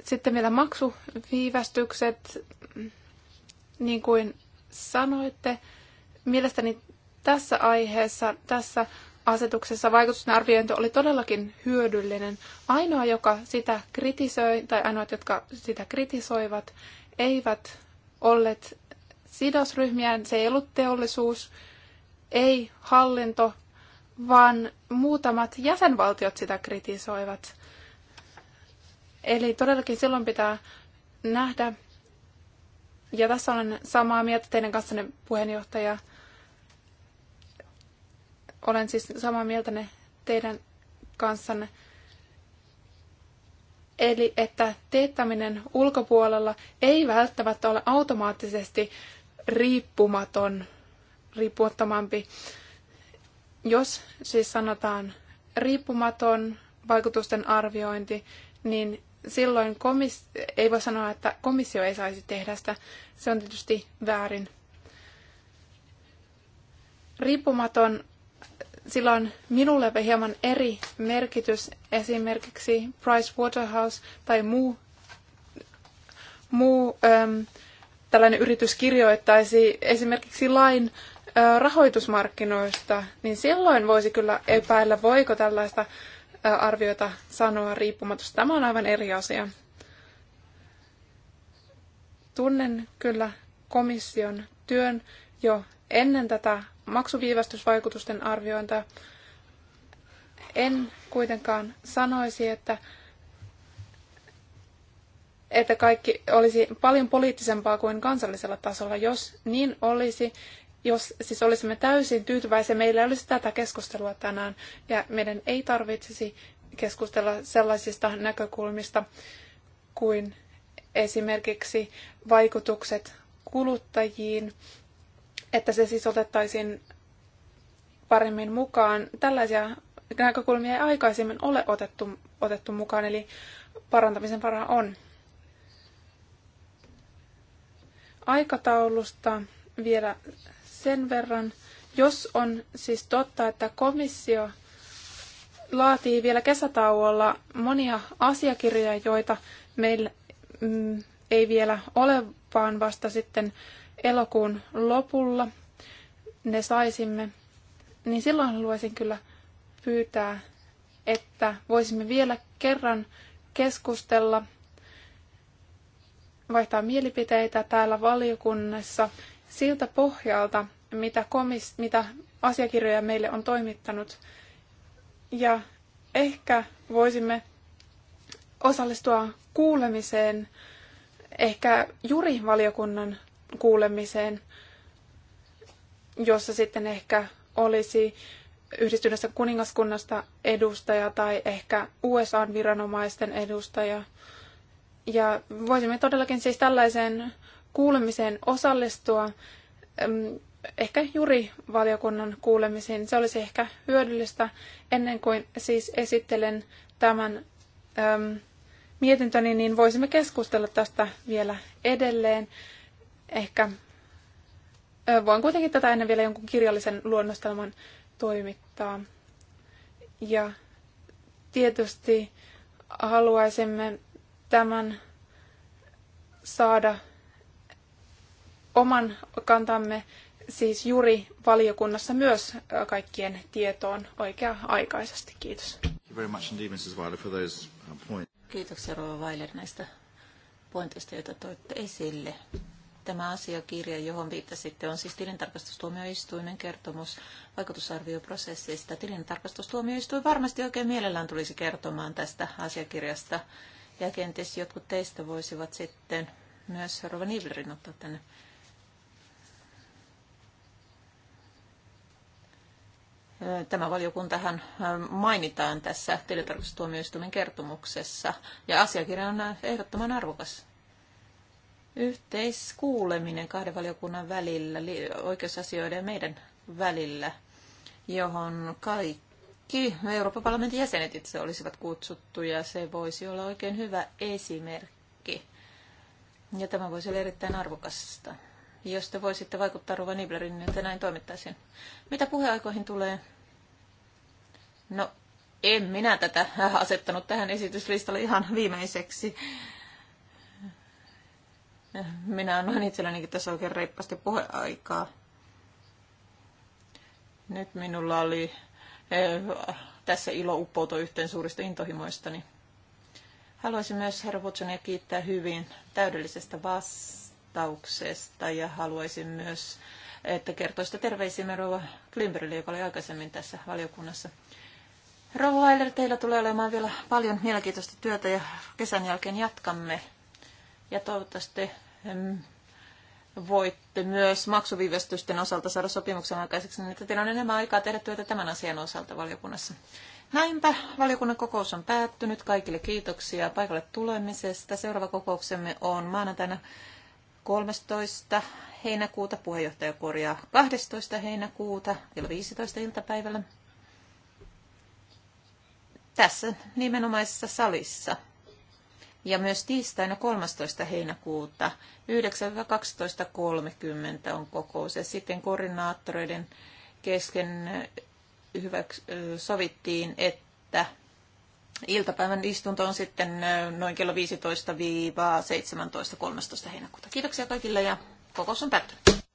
Sitten vielä maksuviivästykset, niin kuin sanoitte. Mielestäni tässä aiheessa, tässä asetuksessa arviointi oli todellakin hyödyllinen. Ainoa, joka sitä kritisoi, tai ainoat, jotka sitä kritisoivat, eivät olleet sidosryhmiään, se ei ollut teollisuus, ei hallinto, vaan muutamat jäsenvaltiot sitä kritisoivat. Eli todellakin silloin pitää nähdä, ja tässä olen samaa mieltä teidän kanssanne, puheenjohtaja. Olen siis samaa mieltä ne teidän kanssanne. Eli että teettäminen ulkopuolella ei välttämättä ole automaattisesti riippumaton, riippumattomampi. Jos siis sanotaan riippumaton vaikutusten arviointi, niin silloin komis- ei voi sanoa, että komissio ei saisi tehdä sitä. Se on tietysti väärin. Riippumaton, sillä on minulle hieman eri merkitys. Esimerkiksi Price Waterhouse tai muu, muu äm, tällainen yritys kirjoittaisi esimerkiksi lain ä, äh, rahoitusmarkkinoista, niin silloin voisi kyllä epäillä, voiko tällaista arvioita sanoa riippumatta. Tämä on aivan eri asia. Tunnen kyllä komission työn jo ennen tätä maksuviivästysvaikutusten arviointia. En kuitenkaan sanoisi, että, että kaikki olisi paljon poliittisempaa kuin kansallisella tasolla. Jos niin olisi, jos siis olisimme täysin tyytyväisiä, meillä olisi tätä keskustelua tänään ja meidän ei tarvitsisi keskustella sellaisista näkökulmista kuin esimerkiksi vaikutukset kuluttajiin, että se siis otettaisiin paremmin mukaan. Tällaisia näkökulmia ei aikaisemmin ole otettu, otettu mukaan, eli parantamisen varaa on. Aikataulusta vielä sen verran, jos on siis totta, että komissio laatii vielä kesätauolla monia asiakirjoja, joita meillä mm, ei vielä ole, vaan vasta sitten elokuun lopulla ne saisimme, niin silloin haluaisin kyllä pyytää, että voisimme vielä kerran keskustella, vaihtaa mielipiteitä täällä valiokunnassa siltä pohjalta, mitä, komis, mitä asiakirjoja meille on toimittanut. Ja ehkä voisimme osallistua kuulemiseen, ehkä jurivaliokunnan kuulemiseen, jossa sitten ehkä olisi yhdistyneestä kuningaskunnasta edustaja tai ehkä USA-viranomaisten edustaja. Ja voisimme todellakin siis tällaiseen kuulemiseen osallistua ehkä juuri valiokunnan kuulemisiin. Se olisi ehkä hyödyllistä ennen kuin siis esittelen tämän äm, mietintöni, niin voisimme keskustella tästä vielä edelleen. Ehkä ö, voin kuitenkin tätä ennen vielä jonkun kirjallisen luonnostelman toimittaa. Ja tietysti haluaisimme tämän saada oman kantamme siis juuri valiokunnassa myös äh, kaikkien tietoon oikea-aikaisesti. Kiitos. Uh, Kiitoksia Rova Weiler näistä pointeista, joita toitte esille. Tämä asiakirja, johon viittasitte, on siis tilintarkastustuomioistuimen kertomus vaikutusarvioprosessista. Tilintarkastustuomioistuin varmasti oikein mielellään tulisi kertomaan tästä asiakirjasta. Ja kenties jotkut teistä voisivat sitten myös Rova Nivlerin ottaa tänne Tämä valiokuntahan mainitaan tässä tilintarkastustuomioistuimen kertomuksessa ja asiakirja on ehdottoman arvokas. Yhteiskuuleminen kahden valiokunnan välillä, oikeusasioiden ja meidän välillä, johon kaikki Euroopan parlamentin jäsenet itse olisivat ja Se voisi olla oikein hyvä esimerkki ja tämä voisi olla erittäin arvokasta jos te voisitte vaikuttaa Ruva Niblerin, niin te näin toimittaisiin. Mitä puheaikoihin tulee? No, en minä tätä *laughs* asettanut tähän esityslistalle ihan viimeiseksi. Minä annoin itsellenikin tässä oikein reippaasti puheaikaa. Nyt minulla oli eh, tässä ilo uppoutua yhteen suurista intohimoistani. Haluaisin myös herra Watsonia kiittää hyvin täydellisestä vastaan vastauksesta ja haluaisin myös, että kertoista terveisiä Rova Klimberille, joka oli aikaisemmin tässä valiokunnassa. Rova Weiler, teillä tulee olemaan vielä paljon mielenkiintoista työtä ja kesän jälkeen jatkamme. Ja toivottavasti voitte myös maksuviivästysten osalta saada sopimuksen aikaiseksi, niin että teillä on enemmän aikaa tehdä työtä tämän asian osalta valiokunnassa. Näinpä valiokunnan kokous on päättynyt. Kaikille kiitoksia paikalle tulemisesta. Seuraava kokouksemme on maanantaina 13. heinäkuuta, puheenjohtaja korjaa 12. heinäkuuta kello 15 iltapäivällä. Tässä nimenomaisessa salissa. Ja myös tiistaina 13. heinäkuuta 9.12.30 on kokous. Ja sitten koordinaattoreiden kesken hyväks- sovittiin, että Iltapäivän istunto on sitten noin kello 15-17.13. heinäkuuta. Kiitoksia kaikille ja kokous on päättynyt.